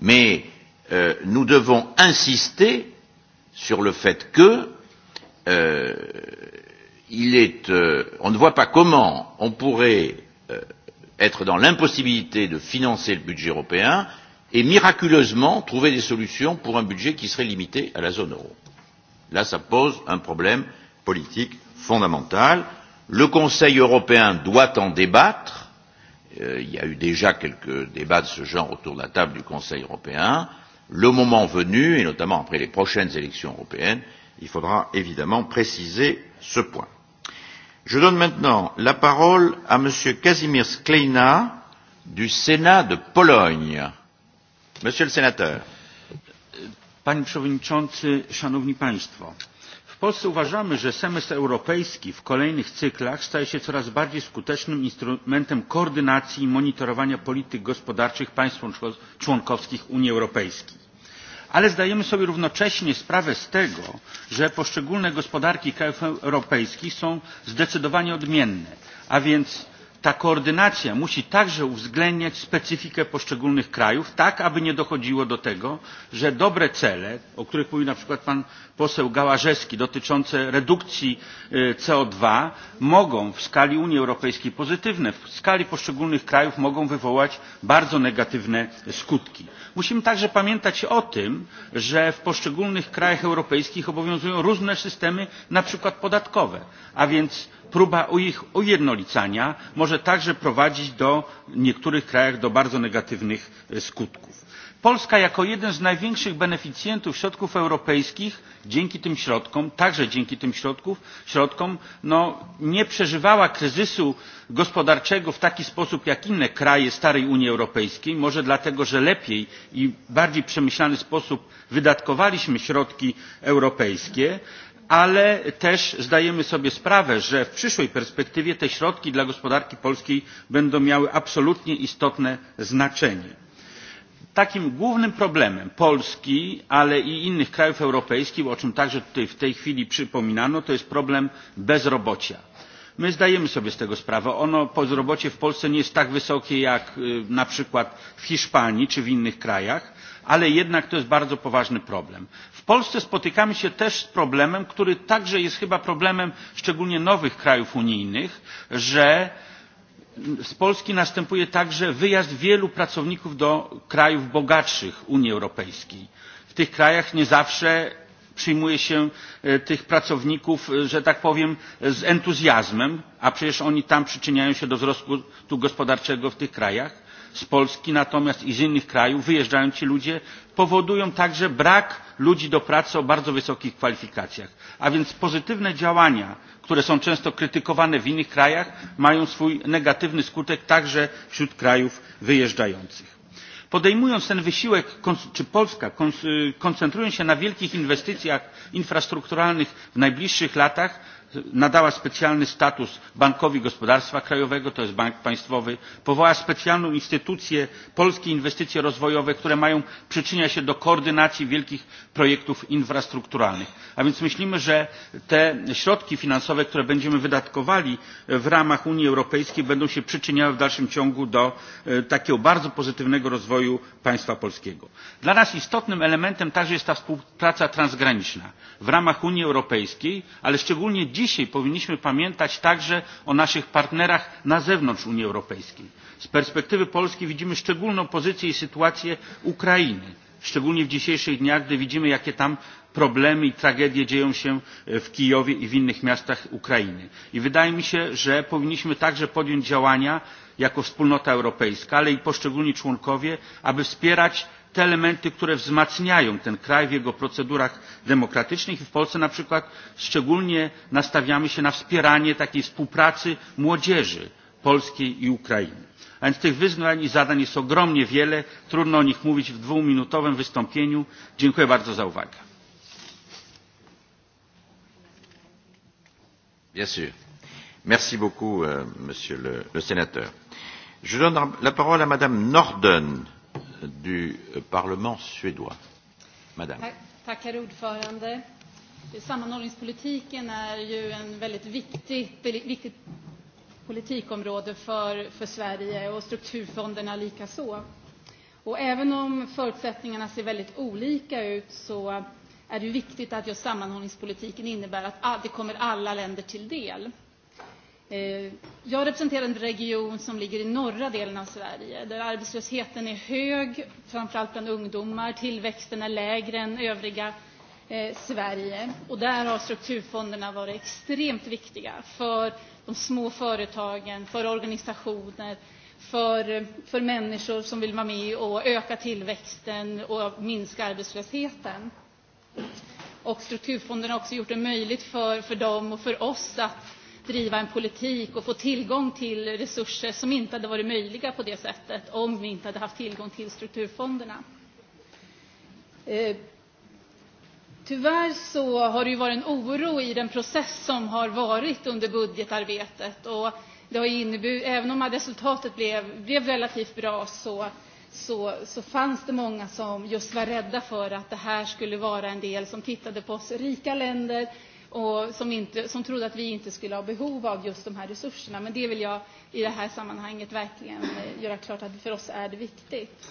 Mais euh, nous devons insister sur le fait que euh, il est, euh, on ne voit pas comment on pourrait euh, être dans l'impossibilité de financer le budget européen et miraculeusement trouver des solutions pour un budget qui serait limité à la zone euro. Là, ça pose un problème politique fondamental. Le Conseil européen doit en débattre. Euh, il y a eu déjà quelques débats de ce genre autour de la table du Conseil européen. Le moment venu, et notamment après les prochaines élections européennes, il faudra évidemment préciser ce point je donne maintenant la parole à m. kazimierz kleina du sénat de pologne. monsieur le sénateur panie przewodniczący szanowni państwo! w polsce uważamy że semestr europejski w kolejnych cyklach staje się coraz bardziej skutecznym instrumentem koordynacji i monitorowania polityk gospodarczych państw członkowskich unii europejskiej ale zdajemy sobie równocześnie sprawę z tego że poszczególne gospodarki krajów europejskich są zdecydowanie odmienne a więc ta koordynacja musi także uwzględniać specyfikę poszczególnych krajów tak aby nie dochodziło do tego że dobre cele o których mówił na przykład pan poseł gałażewski dotyczące redukcji co dwa mogą w skali unii europejskiej pozytywne w skali poszczególnych krajów mogą wywołać bardzo negatywne skutki. musimy także pamiętać o tym że w poszczególnych krajach europejskich obowiązują różne systemy na przykład podatkowe a więc próba ich ujednolicania może także prowadzić do, w niektórych krajach do bardzo negatywnych e, skutków. Polska jako jeden z największych beneficjentów środków europejskich dzięki tym środkom, także dzięki tym środków, środkom no, nie przeżywała kryzysu gospodarczego w taki sposób jak inne kraje starej Unii Europejskiej, może dlatego, że lepiej i bardziej przemyślany sposób wydatkowaliśmy środki europejskie, ale też zdajemy sobie sprawę że w przyszłej perspektywie te środki dla gospodarki polskiej będą miały absolutnie istotne znaczenie. takim głównym problemem polski ale i innych krajów europejskich o czym także tutaj w tej chwili przypominano jest problem bezrobocia. my zdajemy sobie z tego sprawę ono bezrobocie w polsce nie jest tak wysokie jak na przykład w hiszpanii czy w innych krajach ale jednak to jest bardzo poważny problem. w polsce spotykamy się też z problemem który także jest chyba problemem szczególnie nowych krajów unijnych że z polski następuje także wyjazd wielu pracowników do krajów bogatszych unii europejskiej. w tych krajach nie zawsze przyjmuje się e, tych pracowników e, że tak powiem z entuzjazmem a przecież oni tam przyczyniają się do wzrostu gospodarczego w tych krajach z Polski natomiast i z innych krajów wyjeżdżają ci ludzie, powodują także brak ludzi do pracy o bardzo wysokich kwalifikacjach. A więc pozytywne działania, które są często krytykowane w innych krajach, mają swój negatywny skutek także wśród krajów wyjeżdżających. Podejmując ten wysiłek, czy Polska koncentrując się na wielkich inwestycjach infrastrukturalnych w najbliższych latach, nadała specjalny status bankowi gospodarstwa krajowego to jest bank państwowy powołała specjalną instytucję polskie inwestycje rozwojowe które mają przyczyniać się do koordynacji wielkich projektów infrastrukturalnych a więc myślimy że te środki finansowe które będziemy wydatkowali w ramach unii europejskiej będą się przyczyniały w dalszym ciągu do e, takiego bardzo pozytywnego rozwoju państwa polskiego. dla nas istotnym elementem także jest ta współpraca transgraniczna w ramach unii europejskiej ale szczególnie dzisiaj powinniśmy pamiętać także o naszych partnerach na zewnątrz unii europejskiej. z perspektywy polski widzimy szczególną pozycję i sytuację ukrainy szczególnie w dzisiejszych dniach gdy widzimy jakie tam problemy i tragedie dzieją się e, w kijowie i w innych miastach ukrainy. i wydaje mi się że powinniśmy także podjąć działania jako wspólnota europejska ale i poszczególni członkowie aby wspierać te elementy, które wzmacniają ten kraj w jego procedurach demokratycznych i w Polsce na przykład szczególnie nastawiamy się na wspieranie takiej współpracy młodzieży polskiej i Ukrainy. A więc tych wyzwań i zadań jest ogromnie wiele, trudno o nich mówić w dwuminutowym wystąpieniu. Dziękuję bardzo za uwagę. Bien sûr. Merci beaucoup, euh, Monsieur le, le Sénateur. Je donne la parole à Madame Norden du Parlement suédois. Madame. Tack, herr ordförande. Sammanhållningspolitiken är ju en väldigt viktig, viktig politikområde för, för Sverige och strukturfonderna likaså. Och även om förutsättningarna ser väldigt olika ut så är det viktigt att just sammanhållningspolitiken innebär att det kommer alla länder till del. Eh, jag representerar en region som ligger i norra delen av Sverige där arbetslösheten är hög, framförallt bland ungdomar. Tillväxten är lägre än övriga eh, Sverige. Och där har strukturfonderna varit extremt viktiga för de små företagen, för organisationer för, för människor som vill vara med och öka tillväxten och minska arbetslösheten. Och strukturfonderna har också gjort det möjligt för, för dem och för oss att driva en politik och få tillgång till resurser som inte hade varit möjliga på det sättet om vi inte hade haft tillgång till strukturfonderna. Eh, tyvärr så har det ju varit en oro i den process som har varit under budgetarbetet och det har inneburit, även om resultatet blev, blev relativt bra så, så, så fanns det många som just var rädda för att det här skulle vara en del som tittade på oss rika länder och som, inte, som trodde att vi inte skulle ha behov av just de här resurserna. Men det vill jag i det här sammanhanget verkligen eh, göra klart att för oss är det viktigt.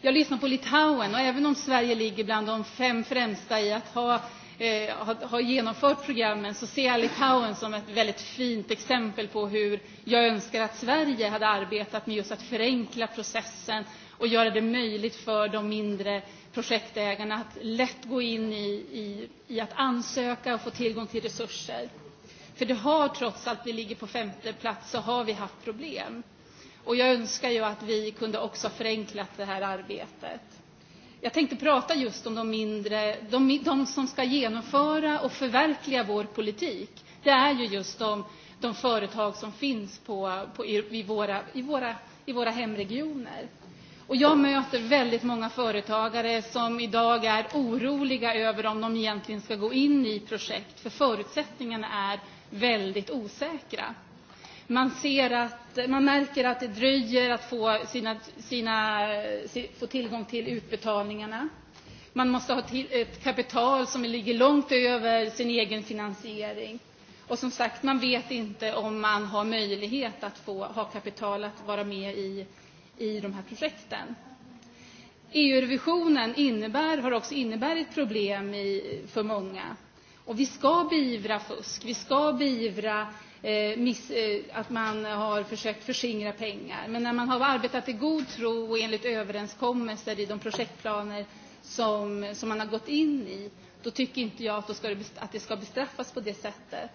Jag lyssnar på Litauen och även om Sverige ligger bland de fem främsta i att ha eh, har ha genomfört programmen så ser jag Litauen som ett väldigt fint exempel på hur jag önskar att Sverige hade arbetat med just att förenkla processen och göra det möjligt för de mindre projektägarna att lätt gå in i, i, i att ansöka och få tillgång till resurser. För det har trots allt, vi ligger på femte plats, så har vi haft problem. Och jag önskar ju att vi kunde också förenklat det här arbetet jag tänkte prata just om de mindre, de, de som ska genomföra och förverkliga vår politik. Det är ju just de, de företag som finns på, på, i, våra, i, våra, i våra hemregioner. Och jag möter väldigt många företagare som idag är oroliga över om de egentligen ska gå in i projekt, för förutsättningarna är väldigt osäkra man ser att man märker att det dröjer att få, sina, sina, eh, få tillgång till utbetalningarna. Man måste ha till, ett kapital som ligger långt över sin egen finansiering. Och som sagt, man vet inte om man har möjlighet att få ha kapital att vara med i, i de här projekten. EU-revisionen innebär, har också inneburit problem i, för många. Och vi ska bivra fusk. Vi ska bivra eh, miss, eh, att man har försökt förskingra pengar. Men när man har arbetat i god tro och enligt överenskommelser i de projektplaner som, som man har gått in i, då tycker inte jag att, då ska det best, att det ska bestraffas på det sättet.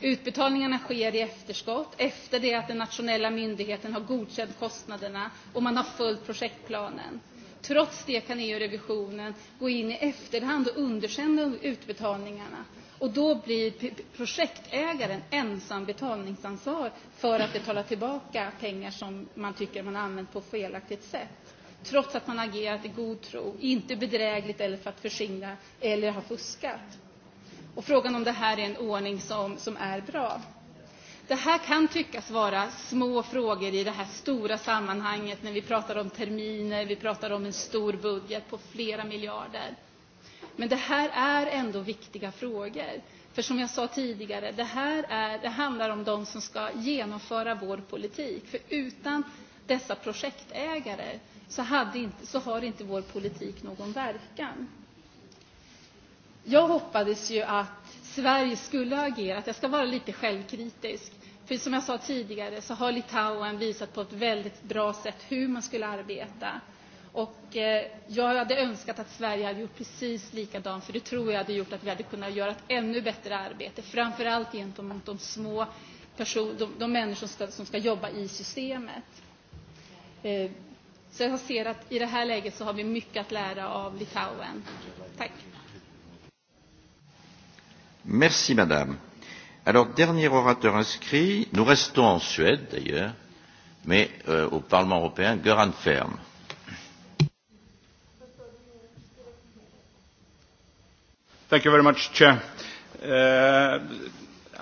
Utbetalningarna sker i efterskott, efter det att den nationella myndigheten har godkänt kostnaderna och man har följt projektplanen. Trots det kan EU-revisionen gå in i efterhand och underkänna utbetalningarna. Och då blir projektägaren ensam betalningsansvar för att betala tillbaka pengar som man tycker man har använt på felaktigt sätt. Trots att man agerat i god tro, inte bedrägligt eller för att försinga eller ha fuskat. Och frågan om det här är en ordning som, som är bra. Det här kan tyckas vara små frågor i det här stora sammanhanget när vi pratar om terminer, vi pratar om en stor budget på flera miljarder. Men det här är ändå viktiga frågor. För som jag sa tidigare, det här är, det handlar om de som ska genomföra vår politik. För utan dessa projektägare så, hade inte, så har inte vår politik någon verkan. Jag hoppades ju att Sverige skulle agera. Att jag ska vara lite självkritisk. För som jag sa tidigare så har Litauen visat på ett väldigt bra sätt hur man skulle arbeta. Och eh, jag hade önskat att Sverige hade gjort precis likadant, för det tror jag hade gjort att vi hade kunnat göra ett ännu bättre arbete, framförallt gentemot de små person, de, de människor som ska, som ska jobba i systemet. Eh, så jag ser att i det här läget så har vi mycket att lära av Litauen. Tack. Merci, madame. Alors, dernier orateur inscrit, nous restons en Suède d'ailleurs, mais euh, au Parlement européen, Göran Ferm. thank you very much chair. Uh,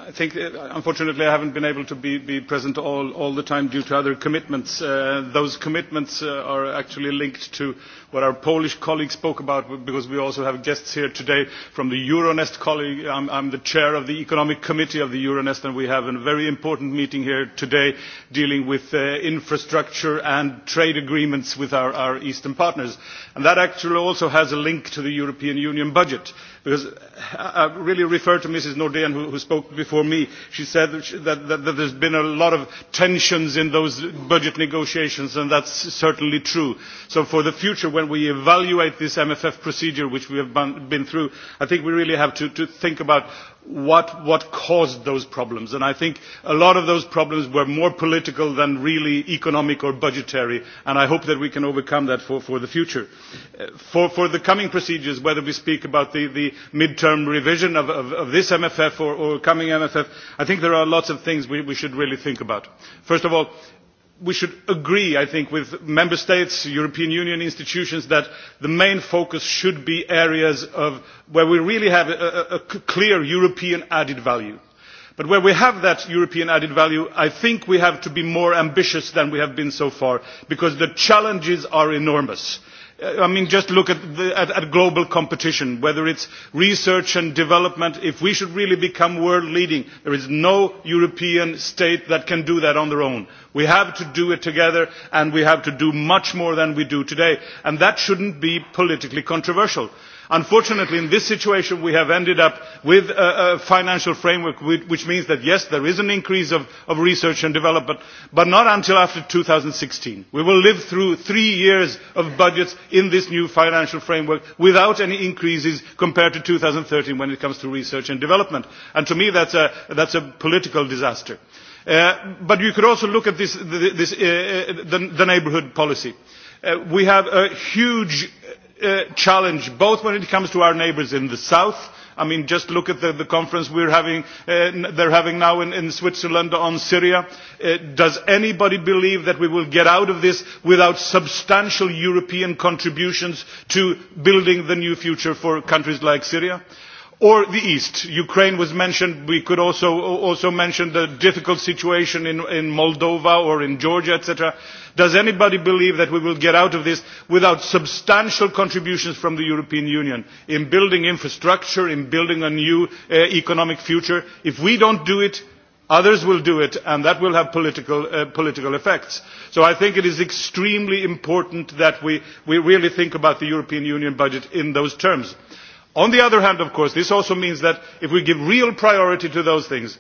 I think, uh, unfortunately, I haven't been able to be, be present all, all the time due to other commitments. Uh, those commitments uh, are actually linked to what our Polish colleague spoke about, because we also have guests here today from the Euronest colleague. I'm, I'm the chair of the Economic Committee of the Euronest, and we have a very important meeting here today dealing with uh, infrastructure and trade agreements with our, our Eastern partners. And that actually also has a link to the European Union budget, because I, uh, I uh, really refer to Mrs. Nordean, who, who spoke before before me. She said that, that, that there's been a lot of tensions in those budget negotiations, and that's certainly true. So for the future, when we evaluate this MFF procedure, which we have been through, I think we really have to, to think about what, what caused those problems. And I think a lot of those problems were more political than really economic or budgetary. And I hope that we can overcome that for, for the future. Uh, for, for the coming procedures, whether we speak about the, the midterm revision of, of, of this MFF or, or coming MFF, I think there are lots of things we, we should really think about. First of all, we should agree with member states and european union institutions that the main focus should be areas where we really have a clear european added value. but where we have that european added value i think we have to be more ambitious than we have been so far because the challenges are enormous i mean just look at, the, at, at global competition whether it's research and development if we should really become world leading there is no european state that can do that on their own we have to do it together and we have to do much more than we do today and that shouldn't be politically controversial unfortunately in this situation we have ended up with a financial framework which means that yes there is an increase in research and development but not until after. two thousand and sixteen we will live through three years of budgets in this new financial framework without any increases compared to two thousand and thirteen when it comes to research and development and to me that is a, that's a political disaster. Uh, but you could also look at this, this, uh, the, the neighbourhood policy. Uh, we have a huge uh, Uh, challenge both when it comes to our neighbours in the south i mean just look at the conference uh, they are having now in switzerland on syria uh, does anybody believe that we will get out of this without substantial european contributions to building the new future for countries like syria? or the east ukraine was mentioned we could also mention the difficult situation in moldova or in georgia etc. does anybody believe that we will get out of this without substantial contributions from the european union in building infrastructure in building a new uh, economic future? if we do not do it others will do it and that will have political uh, effects. so i think it is extremely important that we really think about the european union budget in those terms on the other hand of course this also means that if we give real priority to those things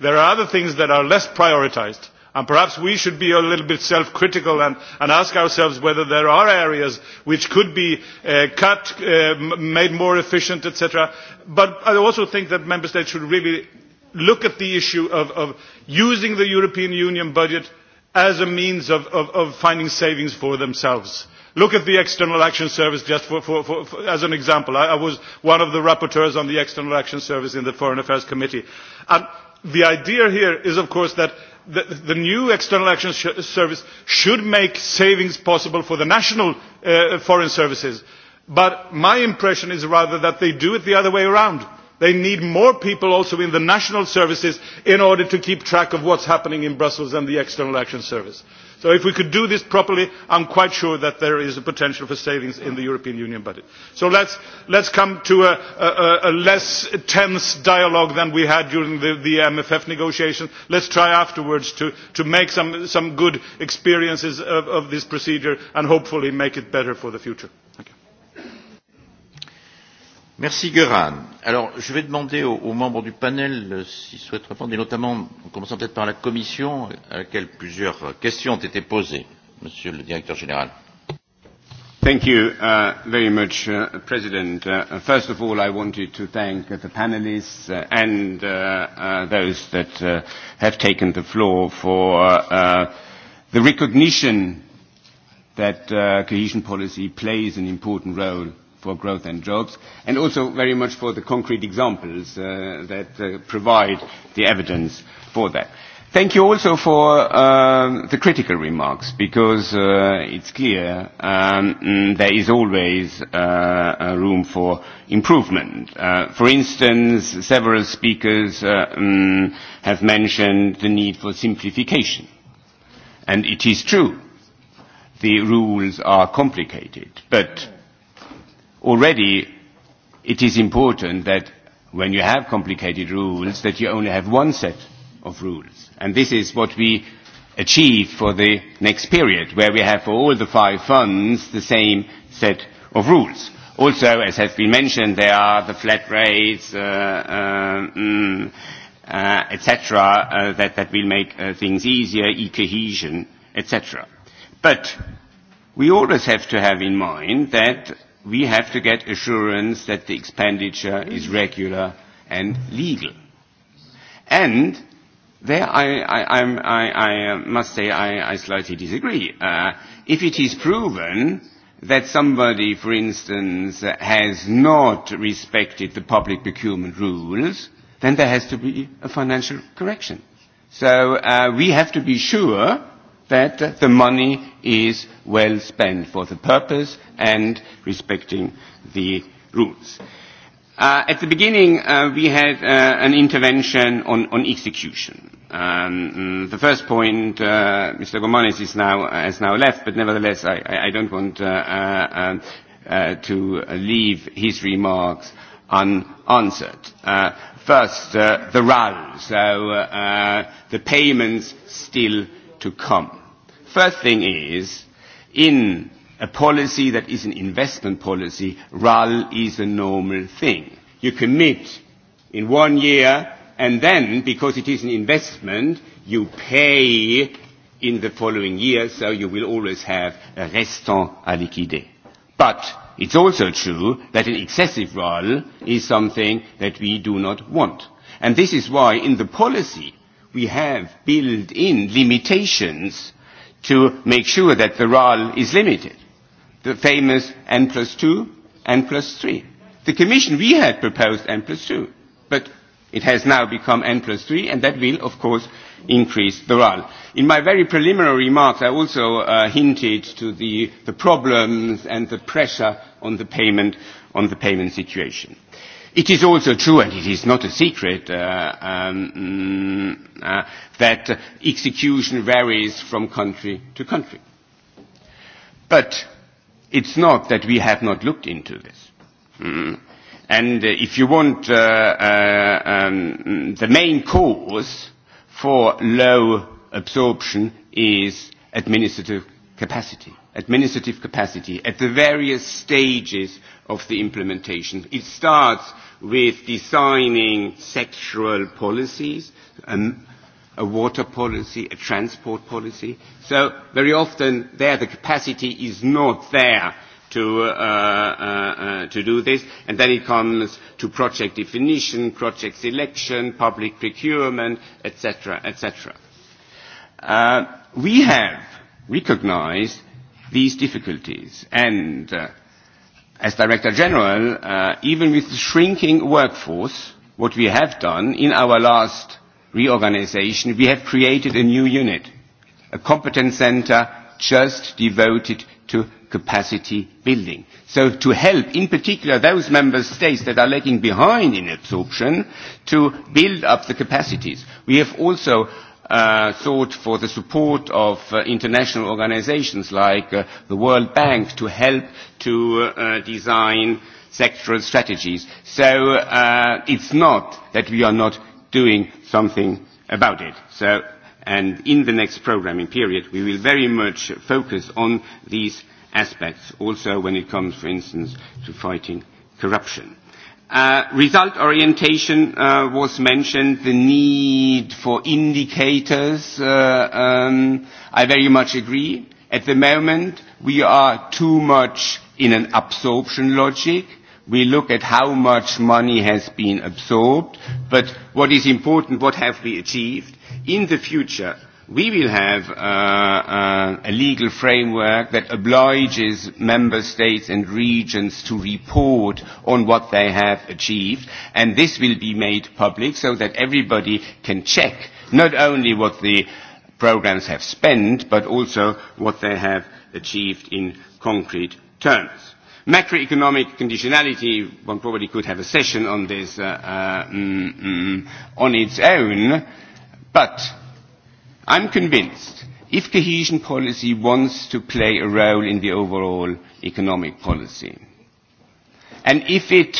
there are other things that are less prioritised and perhaps we should be a little bit self critical and, and ask ourselves whether there are areas which could be uh, cut uh, made more efficient etc but i also think that member states should really look at the issue of, of using the european union budget as a means of, of, of finding savings for themselves. Look at the External Action Service just for, for, for, for, as an example. I, I was one of the rapporteurs on the External Action Service in the Foreign Affairs Committee. And the idea here is, of course, that the, the new External Action sh- Service should make savings possible for the national uh, foreign services. But my impression is rather that they do it the other way around. They need more people also in the national services in order to keep track of what's happening in Brussels and the External Action Service. Uh, so if we could do this properly i am quite sure that there is a potential for savings in the european union budget. so let us come to a less tense dialogue than we had during the mff negotiations. let us try afterwards to make some good experiences of this procedure and hopefully make it better for the future merci gran. je vais demander aux membres du panel euh, s'ils souhaitent répondre et notamment en commençant peut être par la commission à laquelle plusieurs questions ont été posées monsieur le directeur général. Thank you uh, very much, uh, President. Uh, first of all, I wanted to thank the panelists uh, and uh, uh, those that uh, have taken the floor for uh, uh the recognition that uh, cohesion policy plays an important role for growth and jobs, and also very much for the concrete examples uh, that uh, provide the evidence for that. Thank you also for um, the critical remarks, because uh, it's clear um, mm, there is always uh, a room for improvement. Uh, for instance, several speakers uh, um, have mentioned the need for simplification. And it is true, the rules are complicated, but uh, already it is important that when you have complicated rules that you only have one set of rules and this is what we achieve for the next period where we have for all the five funds the same set of rules. Also, as has been mentioned, there are the flat rates, uh, uh, mm, uh, etc., uh, that, that will make uh, things easier, e-cohesion, etc. But we always have to have in mind that we have to get assurance that the expenditure is regular and legal. And there I, I, I, I uh, must say I, I slightly disagree. Uh, if it is proven that somebody, for instance, has not respected the public procurement rules, then there has to be a financial correction. So uh, we have to be sure that the money is well spent for the purpose and respecting the rules. Uh, at the beginning, uh, we had uh, an intervention on, on execution. Um, mm, the first point, uh, Mr. Gomanes is now, has now left, but nevertheless, I, I don't want uh, uh, um, uh, to leave his remarks unanswered. Uh, first, uh, the RAL, so uh, uh, the payments still to come. First thing is, in a policy that is an investment policy, RAL is a normal thing. You commit in one year, and then, because it is an investment, you pay in the following year, so you will always have a restant à liquider. But it's also true that an excessive RAL is something that we do not want. And this is why, in the policy, we have built in limitations to make sure that the RAL is limited. The famous N plus 2, N plus 3. The Commission, we had proposed N plus 2, but it has now become N plus 3, and that will, of course, increase the RAL. In my very preliminary remarks, I also uh, hinted to the, the problems and the pressure on the payment, on the payment situation. It is also true, and it is not a secret, uh, um, mm, uh, that execution varies from country to country. But it's not that we have not looked into this. Mm. And uh, if you want uh, uh, um, the main cause for low absorption is administrative capacity, administrative capacity at the various stages of the implementation. It starts with designing sexual policies, um, a water policy, a transport policy. So very often there the capacity is not there to, uh, uh, uh, to do this, and then it comes to project definition, project selection, public procurement, etc., etc. Uh, we have recognized these difficulties, and uh, As Director General, uh, even with the shrinking workforce, what we have done in our last reorganization, we have created a new unit, a competence center just devoted to capacity building. To help, in particular, those member states that are lagging behind in absorption to build up the capacities. We have also uh, sought for the support of uh, international organizations like uh, the World Bank to help to uh, uh, design sectoral strategies. So uh, it's not that we are not doing something about it. So, and in the next programming period, we will very much focus on these aspects, also when it comes, for instance, to fighting corruption. Uh, result orientation uh, was mentioned, the need for indicators. Uh, um, I very much agree. At the moment, we are too much in an absorption logic. We look at how much money has been absorbed. What is important, what have we achieved? In the future, we will have uh, uh, a legal framework that obliges member states and regions to report on what they have achieved and this will be made public so that everybody can check not only what the programs have spent but also what they have achieved in concrete terms. Macroeconomic conditionality, one probably could have a session on this uh, uh, mm, mm, on its own, but I'm convinced if cohesion policy wants to play a role in the overall economic policy, and if it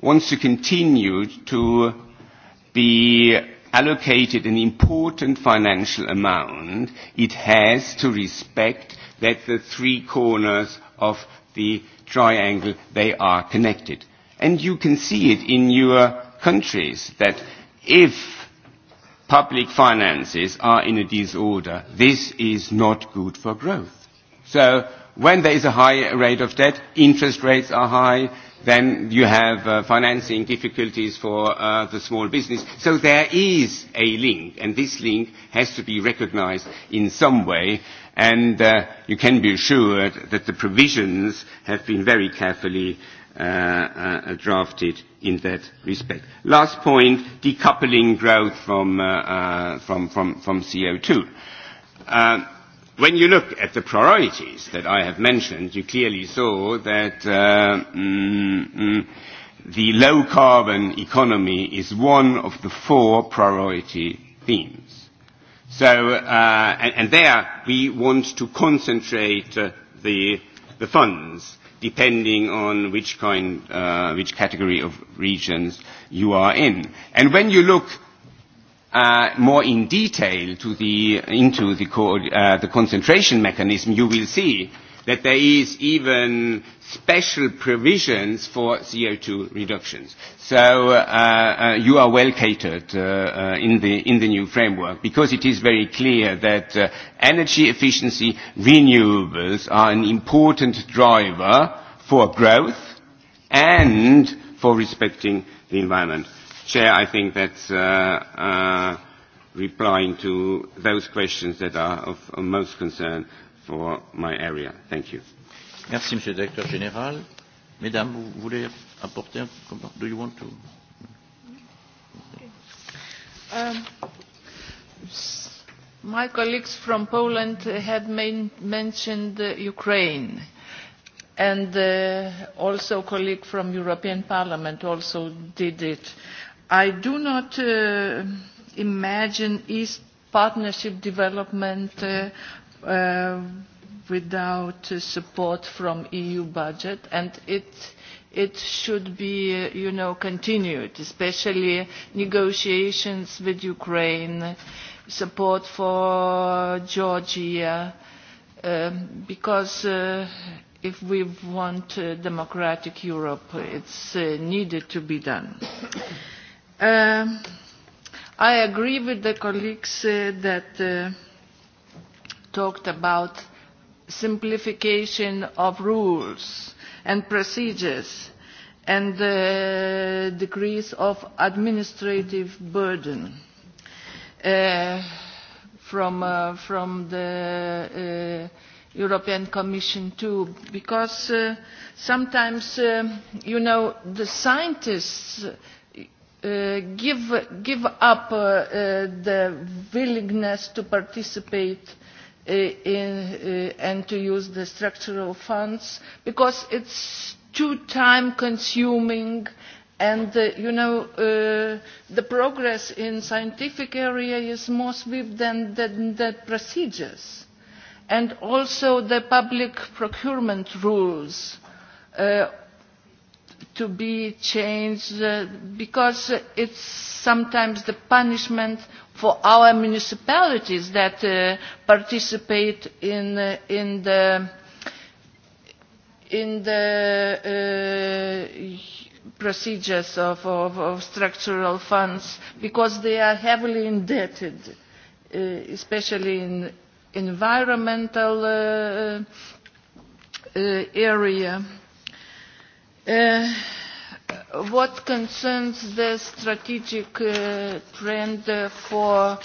wants to continue to be allocated an important financial amount, it has to respect that the three corners of the triangle, they are connected. And you can see it in your countries that if public finances are in a disorder. This is not good for growth. So when there is a high rate of debt, interest rates are high, then you have uh, financing difficulties for uh, the small business. So there is a link, and this link has to be recognized in some way, and uh, you can be assured that the provisions have been very carefully uh, Uh, uh, uh, drafted in that respect. Last point, decoupling growth from, uh, uh, from, from, from CO2. Uh, um, when you look at the priorities that I have mentioned, you clearly saw that uh, mm, mm, the low carbon economy is one of the four priority themes. So, uh, and, and there we want to concentrate uh, the, the funds. Uh, depending on which, kind, uh, which category of regions you are in. And when you look uh, more in detail to the, into the, co- uh, the concentration mechanism, you will see that there is even special provisions for CO2 reductions. So uh, uh, you are well catered uh, uh, in, the, in the new framework because it is very clear that uh, energy efficiency renewables are an important driver for growth and for respecting the environment. Chair, I think that's uh, uh, replying to those questions that are of, of most concern for my area. Thank you. Merci, Monsieur le Directeur Général. Mesdames, vous voulez apporter un commentaire Do you want to okay. um, My colleagues from Poland had main, mentioned uh, Ukraine and uh, also a colleague from European Parliament also did it. I do not uh, imagine East Partnership development uh, uh, without uh, support from EU budget, and it, it should be, uh, you know, continued, especially negotiations with Ukraine, support for Georgia, um, because uh, if we want a democratic Europe, it's uh, needed to be done. Um, I agree with the colleagues uh, that uh, talked about simplification of rules and procedures and the decrease of administrative burden uh, from, uh, from the uh, European Commission too because uh, sometimes, uh, you know, the scientists uh, give, give up uh, uh, the willingness to participate uh, Uh, uh, and to use the structural funds because it is too time consuming and the uh, progress in the scientific area is more swift than the procedures and also the public procurement rules to be changed because it is sometimes the punishment for our municipalities that uh, participate in uh, in the in the uh, procedures of, of, of structural funds because they are heavily indebted, uh, especially in environmental uh, uh, area. Uh, what concerns the strategic uh, trend uh, for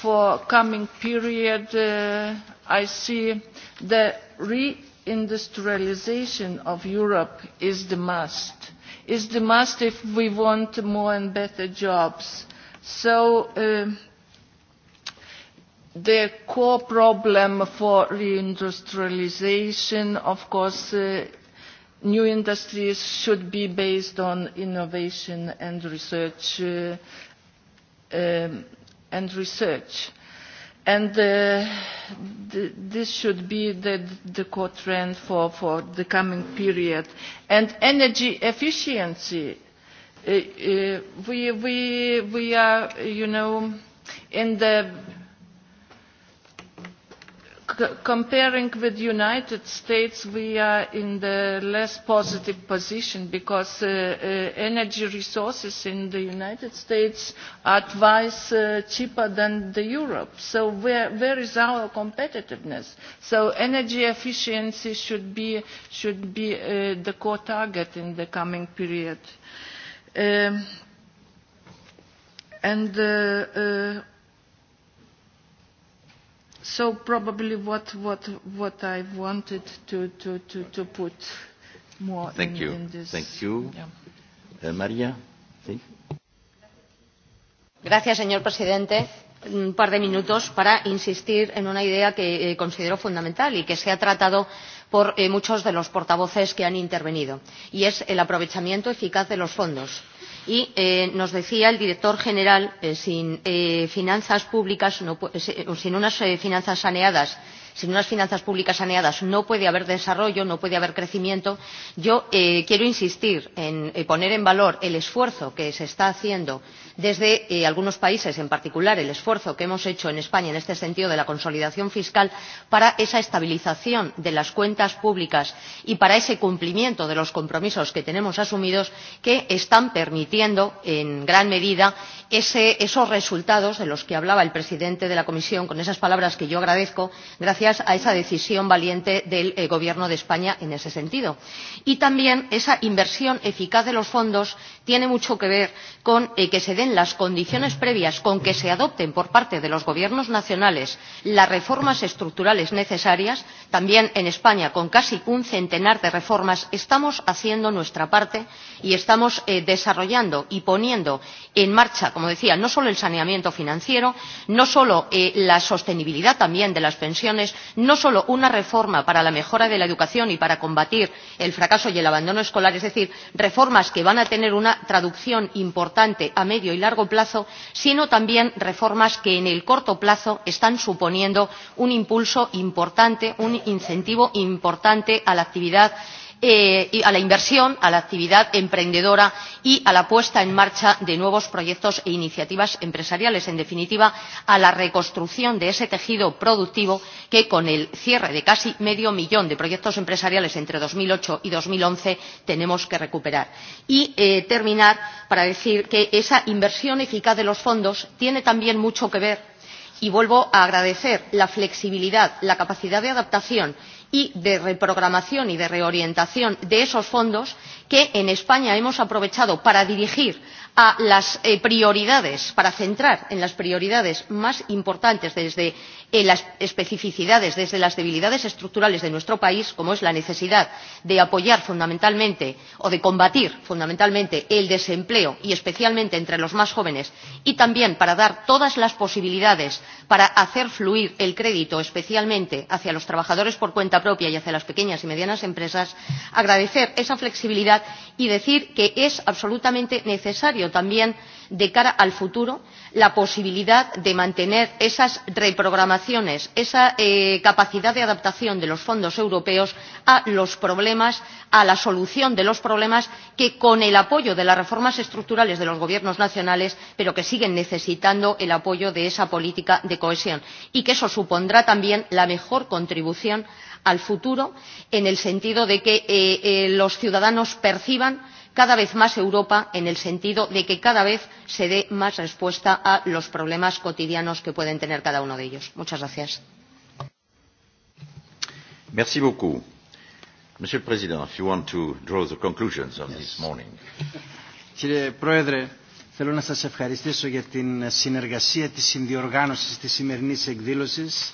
for coming period uh, i see the reindustrialization of europe is the must is the must if we want more and better jobs so uh, the core problem for reindustrialization of course uh, new industries should be based on innovation and research uh, um, and uh, this should be the core trend for the coming period. energy efficiency uh, we are in the comparing with the united states we are in a less positive position because uh, uh, energy resources in the united states are twice uh, cheaper than in europe so where is our competitiveness? so energy efficiency should be the core target in the coming period. Um, So probably what what what I wanted to to to to put more Thank in, you. in this. Thank you. Yeah. Uh, Maria. Sí. Gracias, señor presidente. Un par de minutos para insistir en una idea que eh, considero fundamental y que se ha tratado por eh, muchos de los portavoces que han intervenido, y es el aprovechamiento eficaz de los fondos y eh, nos decía el director general eh, sin eh, finanzas públicas no, eh, sin unas eh, finanzas saneadas sin unas finanzas públicas saneadas no puede haber desarrollo, no puede haber crecimiento. Yo eh, quiero insistir en eh, poner en valor el esfuerzo que se está haciendo desde eh, algunos países, en particular el esfuerzo que hemos hecho en España en este sentido de la consolidación fiscal para esa estabilización de las cuentas públicas y para ese cumplimiento de los compromisos que tenemos asumidos que están permitiendo en gran medida ese, esos resultados de los que hablaba el presidente de la Comisión con esas palabras que yo agradezco. Gracias gracias a esa decisión valiente del eh, gobierno de españa en ese sentido. y también esa inversión eficaz de los fondos tiene mucho que ver con eh, que se den las condiciones previas con que se adopten por parte de los gobiernos nacionales las reformas estructurales necesarias. también en españa con casi un centenar de reformas estamos haciendo nuestra parte y estamos eh, desarrollando y poniendo en marcha como decía no solo el saneamiento financiero no solo la sostenibilidad también de las pensiones no solo una reforma para la mejora de la educación y para combatir el fracaso y el abandono escolar es decir reformas que van a tener una traducción importante a medio y largo plazo sino también reformas que en el corto plazo están suponiendo un impulso importante un incentivo importante a la actividad económica eh, y a la inversión, a la actividad emprendedora y a la puesta en marcha de nuevos proyectos e iniciativas empresariales. En definitiva, a la reconstrucción de ese tejido productivo que, con el cierre de casi medio millón de proyectos empresariales entre 2008 y 2011, tenemos que recuperar. Y eh, terminar para decir que esa inversión eficaz de los fondos tiene también mucho que ver y vuelvo a agradecer la flexibilidad, la capacidad de adaptación y de reprogramación y de reorientación de esos fondos que en españa hemos aprovechado para dirigir a las eh, prioridades para centrar en las prioridades más importantes desde las especificidades desde las debilidades estructurales de nuestro país como es la necesidad de apoyar fundamentalmente o de combatir fundamentalmente el desempleo y especialmente entre los más jóvenes y también para dar todas las posibilidades para hacer fluir el crédito especialmente hacia los trabajadores por cuenta propia y hacia las pequeñas y medianas empresas agradecer esa flexibilidad sociedad y decir que es absolutamente necesaria también de cara al futuro la posibilidad de mantener esas reprogramaciones esa eh, capacidad de adaptación de los fondos europeos a los problemas a la solución de los problemas que con el apoyo de las reformas estructurales de los gobiernos nacionales pero que siguen necesitando el apoyo de esa política de cohesión y que eso supondrá también la mejor contribución al futuro en el sentido de que eh, eh, los ciudadanos perciban cada vez más Europa en el sentido de que cada vez se dé más respuesta a los problemas cotidianos que pueden tener cada uno de ellos. Muchas gracias. Merci beaucoup. Monsieur le Président, if you want to draw the conclusions of yes. this morning. Κύριε Πρόεδρε, θέλω να σας ευχαριστήσω για την συνεργασία της συνδιοργάνωσης της σημερινής εκδήλωσης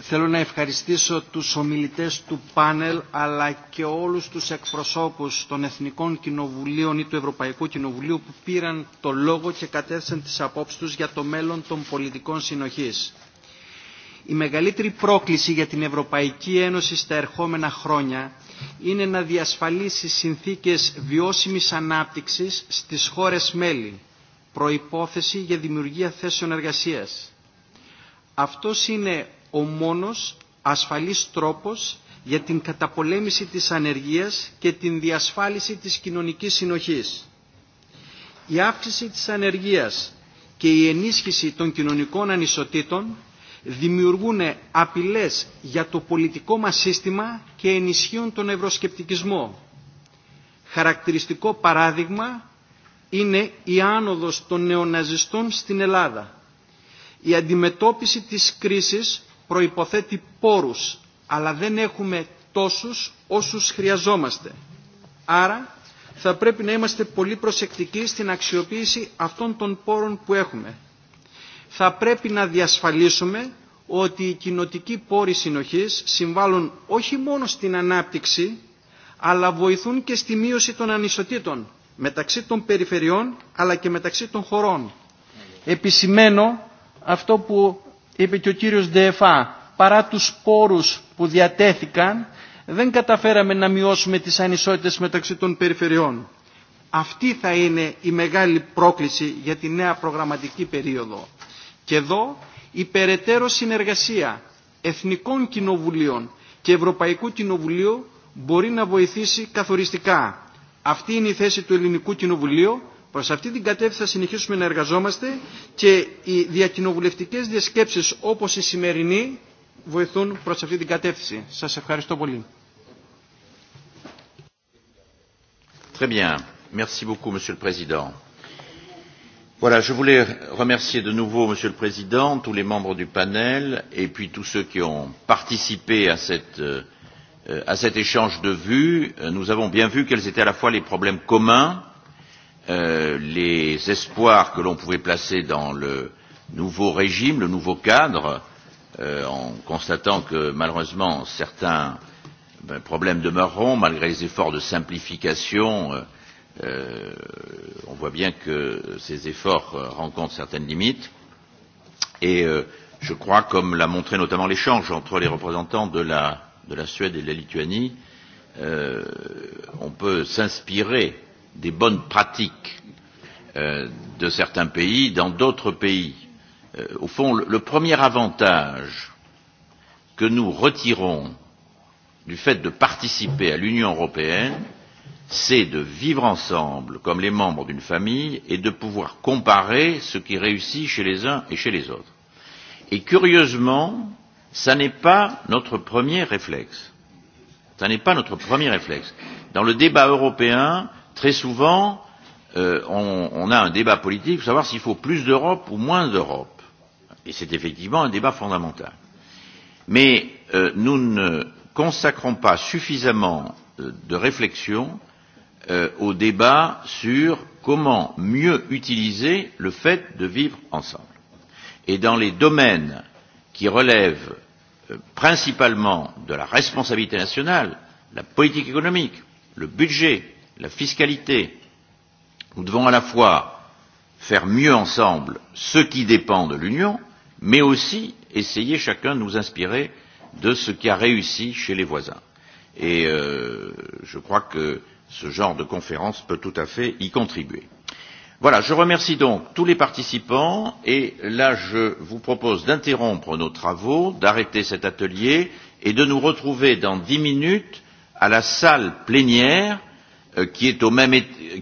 θέλω να ευχαριστήσω τους ομιλητές του πάνελ αλλά και όλους τους εκπροσώπους των Εθνικών Κοινοβουλίων ή του Ευρωπαϊκού Κοινοβουλίου που πήραν το λόγο και κατέθεσαν τις απόψεις τους για το μέλλον των πολιτικών συνοχής. Η μεγαλύτερη πρόκληση για την Ευρωπαϊκή Ένωση στα ερχόμενα χρόνια είναι να διασφαλίσει συνθήκες βιώσιμης ανάπτυξης στις χώρες μέλη, προϋπόθεση για δημιουργία θέσεων εργασίας. Αυτός είναι ο μόνος ασφαλής τρόπος για την καταπολέμηση της ανεργίας και την διασφάλιση της κοινωνικής συνοχής. Η αύξηση της ανεργίας και η ενίσχυση των κοινωνικών ανισοτήτων δημιουργούν απειλές για το πολιτικό μας σύστημα και ενισχύουν τον ευρωσκεπτικισμό. Χαρακτηριστικό παράδειγμα είναι η άνοδος των νεοναζιστών στην Ελλάδα. Η αντιμετώπιση της κρίσης προϋποθέτει πόρους, αλλά δεν έχουμε τόσους όσους χρειαζόμαστε. Άρα θα πρέπει να είμαστε πολύ προσεκτικοί στην αξιοποίηση αυτών των πόρων που έχουμε. Θα πρέπει να διασφαλίσουμε ότι οι κοινοτικοί πόροι συνοχής συμβάλλουν όχι μόνο στην ανάπτυξη, αλλά βοηθούν και στη μείωση των ανισοτήτων μεταξύ των περιφερειών αλλά και μεταξύ των χωρών. Επισημένω αυτό που είπε και ο κύριος Ντεεφά, παρά τους πόρους που διατέθηκαν, δεν καταφέραμε να μειώσουμε τις ανισότητες μεταξύ των περιφερειών. Αυτή θα είναι η μεγάλη πρόκληση για τη νέα προγραμματική περίοδο. Και εδώ η περαιτέρω συνεργασία εθνικών κοινοβουλίων και Ευρωπαϊκού Κοινοβουλίου μπορεί να βοηθήσει καθοριστικά. Αυτή είναι η θέση του Ελληνικού Κοινοβουλίου Προ αυτή την κατεύθυνση θα συνεχίσουμε να εργαζόμαστε και οι διακοινοβουλευτικέ διασκέψει όπω η σημερινή βοηθούν προ αυτή την κατεύθυνση. Σα ευχαριστώ πολύ. Très bien. Merci beaucoup, Monsieur le Président. Voilà, je voulais remercier de nouveau Monsieur le Président, tous les membres du panel et puis tous ceux qui ont participé à, cette, euh, à cet échange de vues. Nous avons bien vu quels étaient à la fois les problèmes communs Euh, les espoirs que l'on pouvait placer dans le nouveau régime, le nouveau cadre, euh, en constatant que malheureusement certains ben, problèmes demeureront malgré les efforts de simplification. Euh, euh, on voit bien que ces efforts euh, rencontrent certaines limites. Et euh, je crois, comme l'a montré notamment l'échange entre les représentants de la, de la Suède et de la Lituanie, euh, on peut s'inspirer euh, des bonnes pratiques euh, de certains pays dans d'autres pays. Euh, au fond, le, le premier avantage que nous retirons du fait de participer à l'Union européenne, c'est de vivre ensemble comme les membres d'une famille et de pouvoir comparer ce qui réussit chez les uns et chez les autres. Et curieusement, ça n'est pas notre premier réflexe. Ça n'est pas notre premier réflexe. Dans le débat européen, euh, très souvent, euh, on, on a un débat politique pour savoir s'il faut plus d'Europe ou moins d'Europe. Et c'est effectivement un débat fondamental. Mais euh, nous ne consacrons pas suffisamment euh, de réflexion euh, au débat sur comment mieux utiliser le fait de vivre ensemble. Et dans les domaines qui relèvent euh, principalement de la responsabilité nationale, la politique économique, le budget, la fiscalité. Nous devons à la fois faire mieux ensemble ce qui dépend de l'Union, mais aussi essayer chacun de nous inspirer de ce qui a réussi chez les voisins. Et euh, je crois que ce genre de conférence peut tout à fait y contribuer. Voilà, je remercie donc tous les participants et là je vous propose d'interrompre nos travaux, d'arrêter cet atelier et de nous retrouver dans dix minutes à la salle plénière. Euh, qui est, au même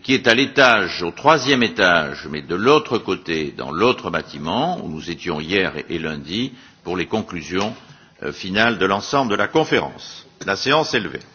qui est à l'étage, au troisième étage, mais de l'autre côté, dans l'autre bâtiment, où nous étions hier et, et lundi, pour les conclusions euh, finales de l'ensemble de la conférence. La séance est levée.